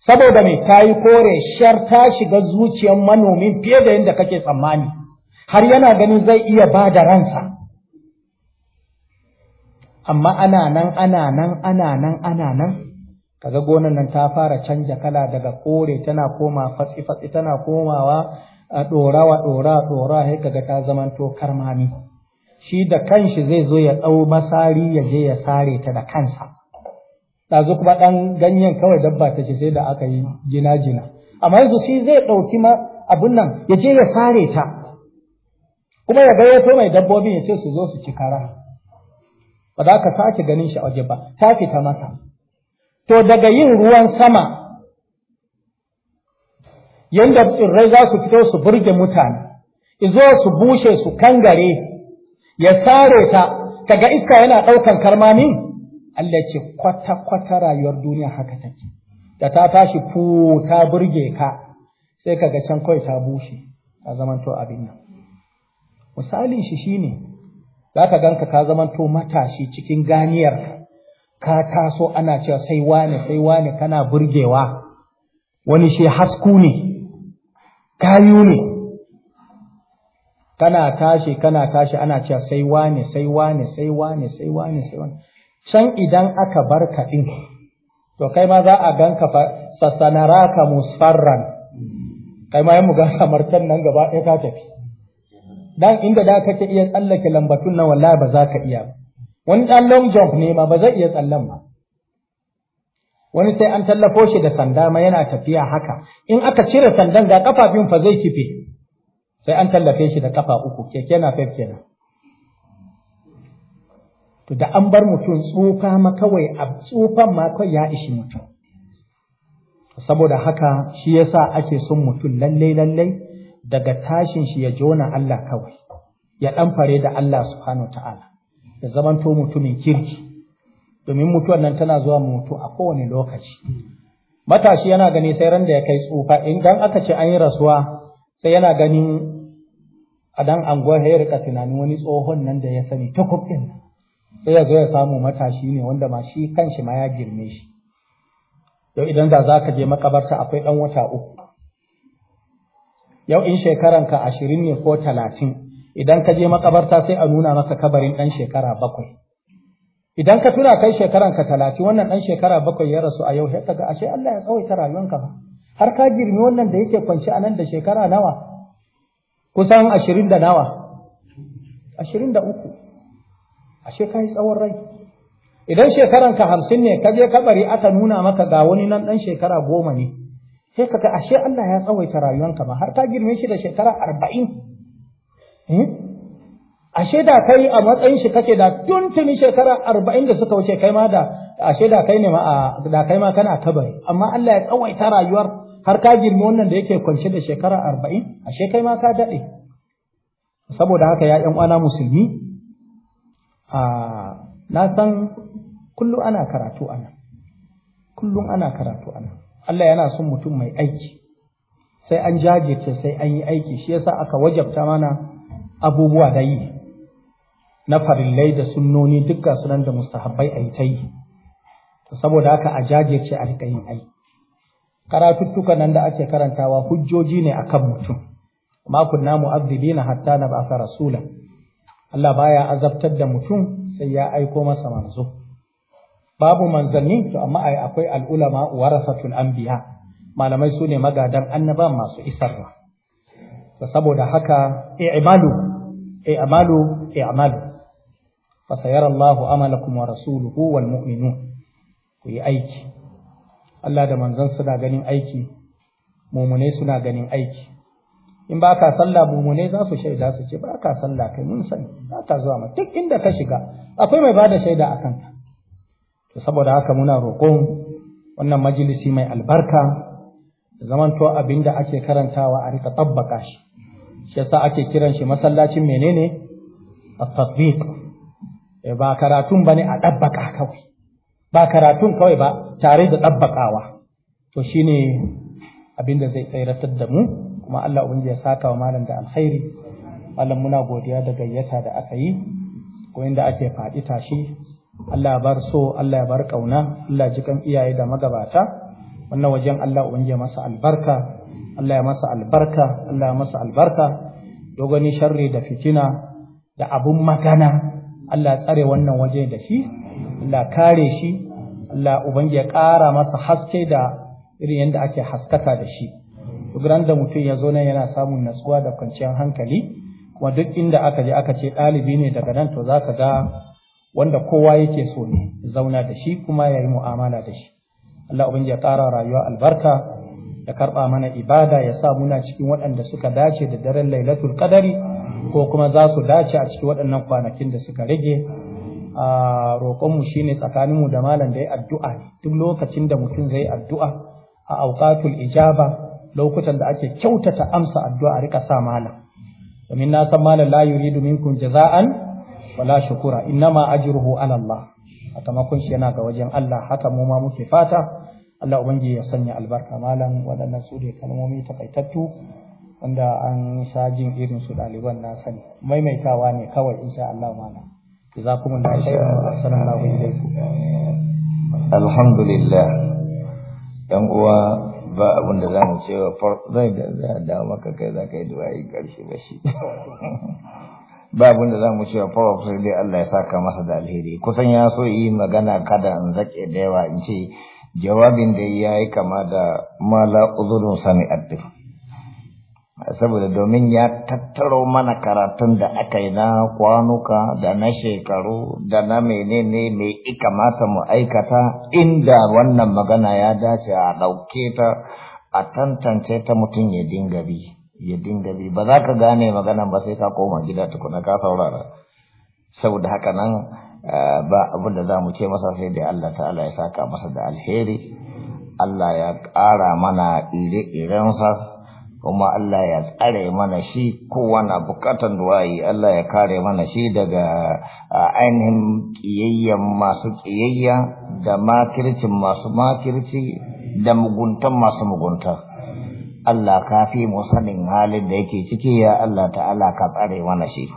saboda mai kayi kore shar ta shiga zuciyar manomin fiye da yadda kake tsammani har yana ganin zai iya ba da ransa amma ana nan ana nan ana nan ana nan kaga gonan nan ta fara canja kala daga kore tana koma fatsi fatsi tana komawa a ɗorawa ɗora ɗora sai kaga ta zamanto karmami shi da kanshi zai zo ya ɗau masari ya je ya sare ta da kansa ɗazu kuma ɗan ganyen kawai dabba ta ce sai da aka yi jina gina amma yanzu shi zai ɗauki ma abun nan ya je ya sare ta kuma ya gayyato mai dabbobin ya ce su zo su ci kara ba za ka sake ganin shi a waje ba ta fita masa to daga yin ruwan sama yadda tsirrai za su fito su burge mutane izo su bushe su kangare ya sare ta kaga iska yana ɗaukan karmamin Allah ce kwata kwata rayuwar duniya haka take da ta tashi fu ta burge ka sai kaga can kawai ta bushe ta zamanto abin nan misalin shi shine ka ganka ka zamanto matashi cikin ganiyarka ka taso ana cewa sai wane sai wane kana burgewa wani shi hasku ne kayu ne kana tashi kana tashi ana cewa sai wane sai wane sai wane sai wane sai wane can idan aka bar ka din to kai ma za a ganka fa ka musfarran kai ma mu ga samartan nan gaba ɗaya ka tafi dan inda da kake iya tsallake lambatun nan wallahi ba za ka iya ba wani ɗan long jump ne ma ba zai iya tsallen ba wani sai an tallafo shi da sanda ma yana tafiya haka in aka cire sandan ga ƙafafin fa zai kife sai an tallafe shi da kafa uku keke na fef kenan to da an bar mutum tsufa ma kawai a tsufan ma kawai ya ishi mutum saboda haka shi yasa ake son mutum lallai-lallai, daga tashin shi ya jona Allah kawai ya ɗan fare da Allah subhanahu ta'ala ya zamanto mutumin kirki domin mutuwan nan tana zuwa mutu a kowane lokaci matashi yana gani sai ran da ya kai tsufa idan aka ce an yi rasuwa sai yana ganin a dan anguwar ya rika tunanin wani tsohon nan da ya sani ta kuɗin sai ya zo ya samu matashi ne wanda ma shi kanshi ma ya girme shi yau idan da za ka je makabarta akwai ɗan wata uku yau in shekaranka ashirin ne ko talatin idan ka je makabarta sai a nuna maka kabarin ɗan shekara bakwai idan ka tura kai shekaran ka talatin wannan ɗan shekara bakwai ya rasu a yau sai kaga ashe Allah ya tsawaita rayuwanka ba har ka girmi wannan da yake kwance a nan da shekara nawa kusan ashirin da nawa ashirin da uku ashe ka yi tsawon rai idan shekaran ka hamsin ne ka je kabari aka nuna maka ga wani nan ɗan shekara goma ne sai kaga ashe Allah ya tsawaita rayuwanka ba har ka girme shi da shekara arba'in Hmm? ashe da kai a matsayin shi kake da tuntuni shekara arba'in da suka wuce kai ma da ashe da kai ne ma a da kai ma kana kabari amma Allah ya tsawaita rayuwar har ka girma wannan da yake kwance da shekara arba'in ashe kai ma ka daɗe saboda haka ya ƴan uwana musulmi a na san kullum ana karatu ana kullum ana karatu ana Allah yana son mutum mai aiki sai an jajirce sai an yi aiki shi yasa aka wajabta mana abubuwa da yi na farillai da sunnoni dukkan sunan da mustahabbai a yi ta yi saboda haka a jajirce a riƙa yin aiki karatuttuka nan da ake karantawa hujjoji ne akan mutum ma kunna mu'azzibina hatta na ba'atha rasula Allah baya azabtar da mutum sai ya aiko masa manzo babu manzanni to amma ai akwai al'ulama warasatul anbiya malamai sune magadan annaba masu isarwa to saboda haka i'malu i'malu i'malu fa sayara Allahu amalakum wa rasuluhu wal ku yi aiki Allah da manzon suna ganin aiki mumune suna ganin aiki in ba ka sallah mumune za su shaida su ce ba ka sallah kai mun sani ba ka zuwa ma duk inda ka shiga akwai mai bada shaida a kanka to saboda haka muna roƙon wannan majalisi mai albarka zamanto abinda ake karantawa a rika tabbaka shi shi yasa ake kiran shi masallacin menene at-tatbiq eh, ba karatun bane a dabbaka kawai ba karatun kawai ba tare da dabbakawa to shine abinda zai tsairatar da mu kuma Allah ubangi ya saka wa malam da alkhairi malam muna godiya da gayyata da aka yi ko inda ake faɗi tashi Allah ya bar so Allah ya bar kauna Allah ji kan iyaye da magabata wannan wajen Allah ya masa albarka Allah ya masa albarka Allah ya masa albarka dogoni sharri da fitina da abun magana Allah ya tsare wannan waje da shi Allah kare shi Allah ubangi ya ƙara masa haske da irin yadda ake haskaka da shi duk da mutum ya zo nan yana samun natsuwa da kwanciyar hankali kuma duk inda aka je aka ce ɗalibi ne daga nan to za ka ga wanda kowa yake so ne zauna da shi kuma ya yi mu'amala da shi Allah ubangi ya ƙara rayuwa albarka ya karɓa mana ibada ya sa muna cikin waɗanda suka dace da daren lailatul qadari ko kuma za su dace a cikin waɗannan kwanakin da suka rage a roƙonmu shine tsakaninmu da malam da ya addu'a duk lokacin da mutum zai addu'a a auqatul ijaba lokutan da ake kyautata amsa addu'a a rika sa malam domin na san malam la yuridu minkum jaza'an wala shukura innama ajruhu ala Allah sakamakon shi yana ga wajen Allah haka mu ma muke fata Allah ubangiji ya sanya albarka malam waɗannan su ne kalmomi takaitattu wanda an sha jin irin su ɗaliban na sani maimaitawa ne kawai insha Allah malam jazakumullahu khairan assalamu alaikum alhamdulillah dan uwa ba abin da zamu cewa zai da maka kai za ka yi duwayi karshe ba shi ba abin da zamu cewa farko sai dai Allah ya saka masa da alheri kusan ya so yi magana kada in zake da yawa in ce jawabin da ya yi kama da mala uzurin sami addu saboda domin ya tattaro mana karatun da aka yi na kwanuka da na shekaru da na menene mai ikamata mu aikata inda wannan magana ya dace a ɗauke ta a tantance ta mutum ya dinga bi ya dinga bi ba za ka gane magana ba sai ka koma gida tukuna ka saurara saboda haka nan Eh, ba abin da za mu ce masa sai dai Allah ta'ala ya saka masa da alheri Allah ya ƙara mana ire-irensa kuma Allah ya tsare mana shi kowane na bukatan duwayi Allah ya kare mana shi daga eh, ainihin ƙiyayyen masu ƙiyayya da makircin masu makirci da muguntan masu mugunta Allah ka fi mu sanin halin da yake ciki ya Allah ta'ala ka tsare mana shi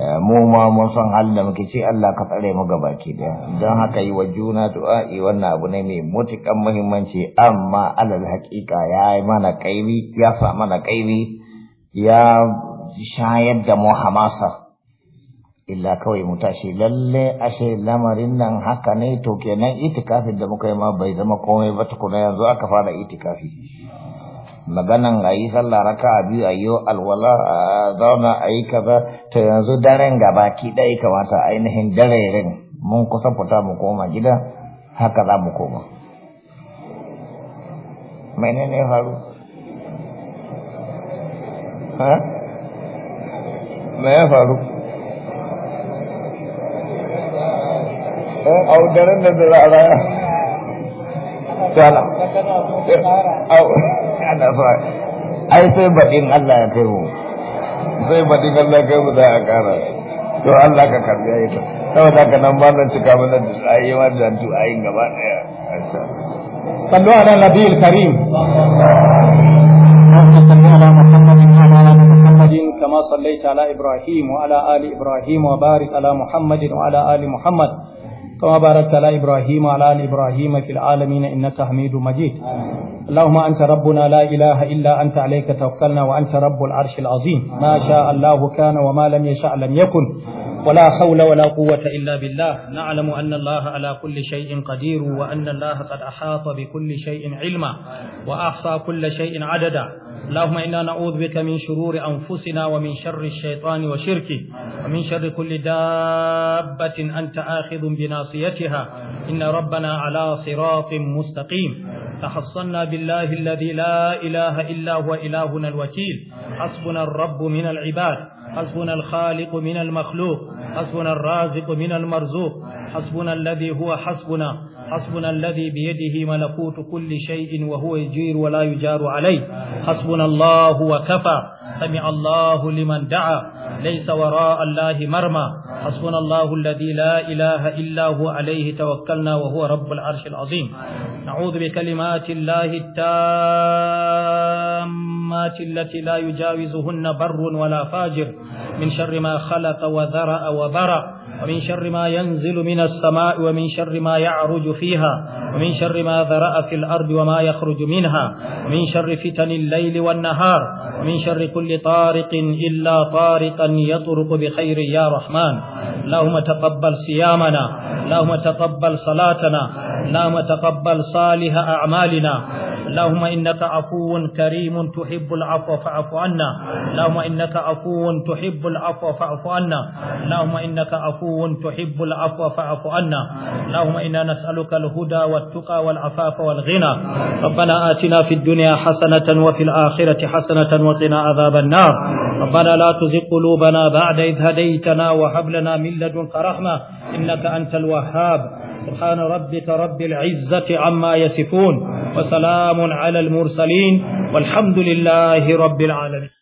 Eh, mu ma mun san halin da muke ce Allah ka tsare mu ke da don haka yi wa juna du'a'i wannan abu ne mai mutukan muhimmanci amma alal haƙiƙa ya yi mana kaimi ya sa mana kaimi ya shayar da mu hamasa illa kawai mu tashi lalle ashe lamarin nan haka ne to kenan itikafin da muka yi ma bai zama komai ba tukuna yanzu aka fara itikafi maganan a yi sallah raka a biyu a yi alwala a zauna a yi kaza to yanzu daren gaba gabaki ɗaya kamata ainihin dareren mun kusa fita mu koma gida haka za mu koma menene faru ha me ya faru eh, a daren da za a raya ana so ai sai baɗin Allah ya kai mu sai baɗin Allah ya kai mu za a ƙara to Allah ka karbi ayi ta saboda ka nan ba nan cika mana da ayi ma da a ayi gaba daya sallu ala nabiyil karim صل على محمد وعلى ال محمد كما صليت على ابراهيم وعلى ال ابراهيم وبارك على محمد وعلى ال محمد كما باركت على إبراهيم وعلى آل إبراهيم في العالمين إنك حميد مجيد اللهم أنت ربنا لا إله إلا أنت عليك توكلنا وأنت رب العرش العظيم ما شاء الله كان وما لم يشاء لم يكن ولا حول ولا قوة إلا بالله نعلم أن الله على كل شيء قدير وأن الله قد أحاط بكل شيء علما وأحصى كل شيء عددا اللهم إنا نعوذ بك من شرور أنفسنا ومن شر الشيطان وشركه ومن شر كل دابة أنت آخذ بناصيتها إن ربنا على صراط مستقيم تحصنا بالله الذي لا إله إلا هو إلهنا الوكيل حسبنا الرب من العباد حسبنا الخالق من المخلوق حسبنا الرازق من المرزوق حسبنا الذي هو حسبنا حسبنا الذي بيده ملكوت كل شيء وهو يجير ولا يجار عليه حسبنا الله وكفى سمع الله لمن دعا ليس وراء الله مرمى حسبنا الله الذي لا إله إلا هو عليه توكلنا وهو رب العرش العظيم نعوذ بكلمات الله التامات التي لا يجاوزهن بر ولا فاجر من شر ما خلق وذرأ وبرأ ومن شر ما ينزل من السماء ومن شر ما يعرج فيها ومن شر ما ذرأ في الأرض وما يخرج منها ومن شر فتن الليل والنهار ومن شر كل طارق إلا طارق يطرق بخير يا رحمن اللهم تقبل صيامنا اللهم تقبل صلاتنا اللهم تقبل صالح أعمالنا اللهم إنك عفو كريم تحب العفو فاعف عنا اللهم إنك عفو تحب العفو فاعف عنا اللهم إنك عفو تحب العفو فاعف عنا اللهم إنا نسألك الهدى والتقى والعفاف والغنى ربنا آتنا في الدنيا حسنة وفي الآخرة حسنة وقنا عذاب النار ربنا لا تزغ قلوبنا بعد إذ هديتنا وهب لنا من لدنك رحمة إنك أنت الوهاب سبحان ربك رب العزة عما يصفون وسلام على المرسلين والحمد لله رب العالمين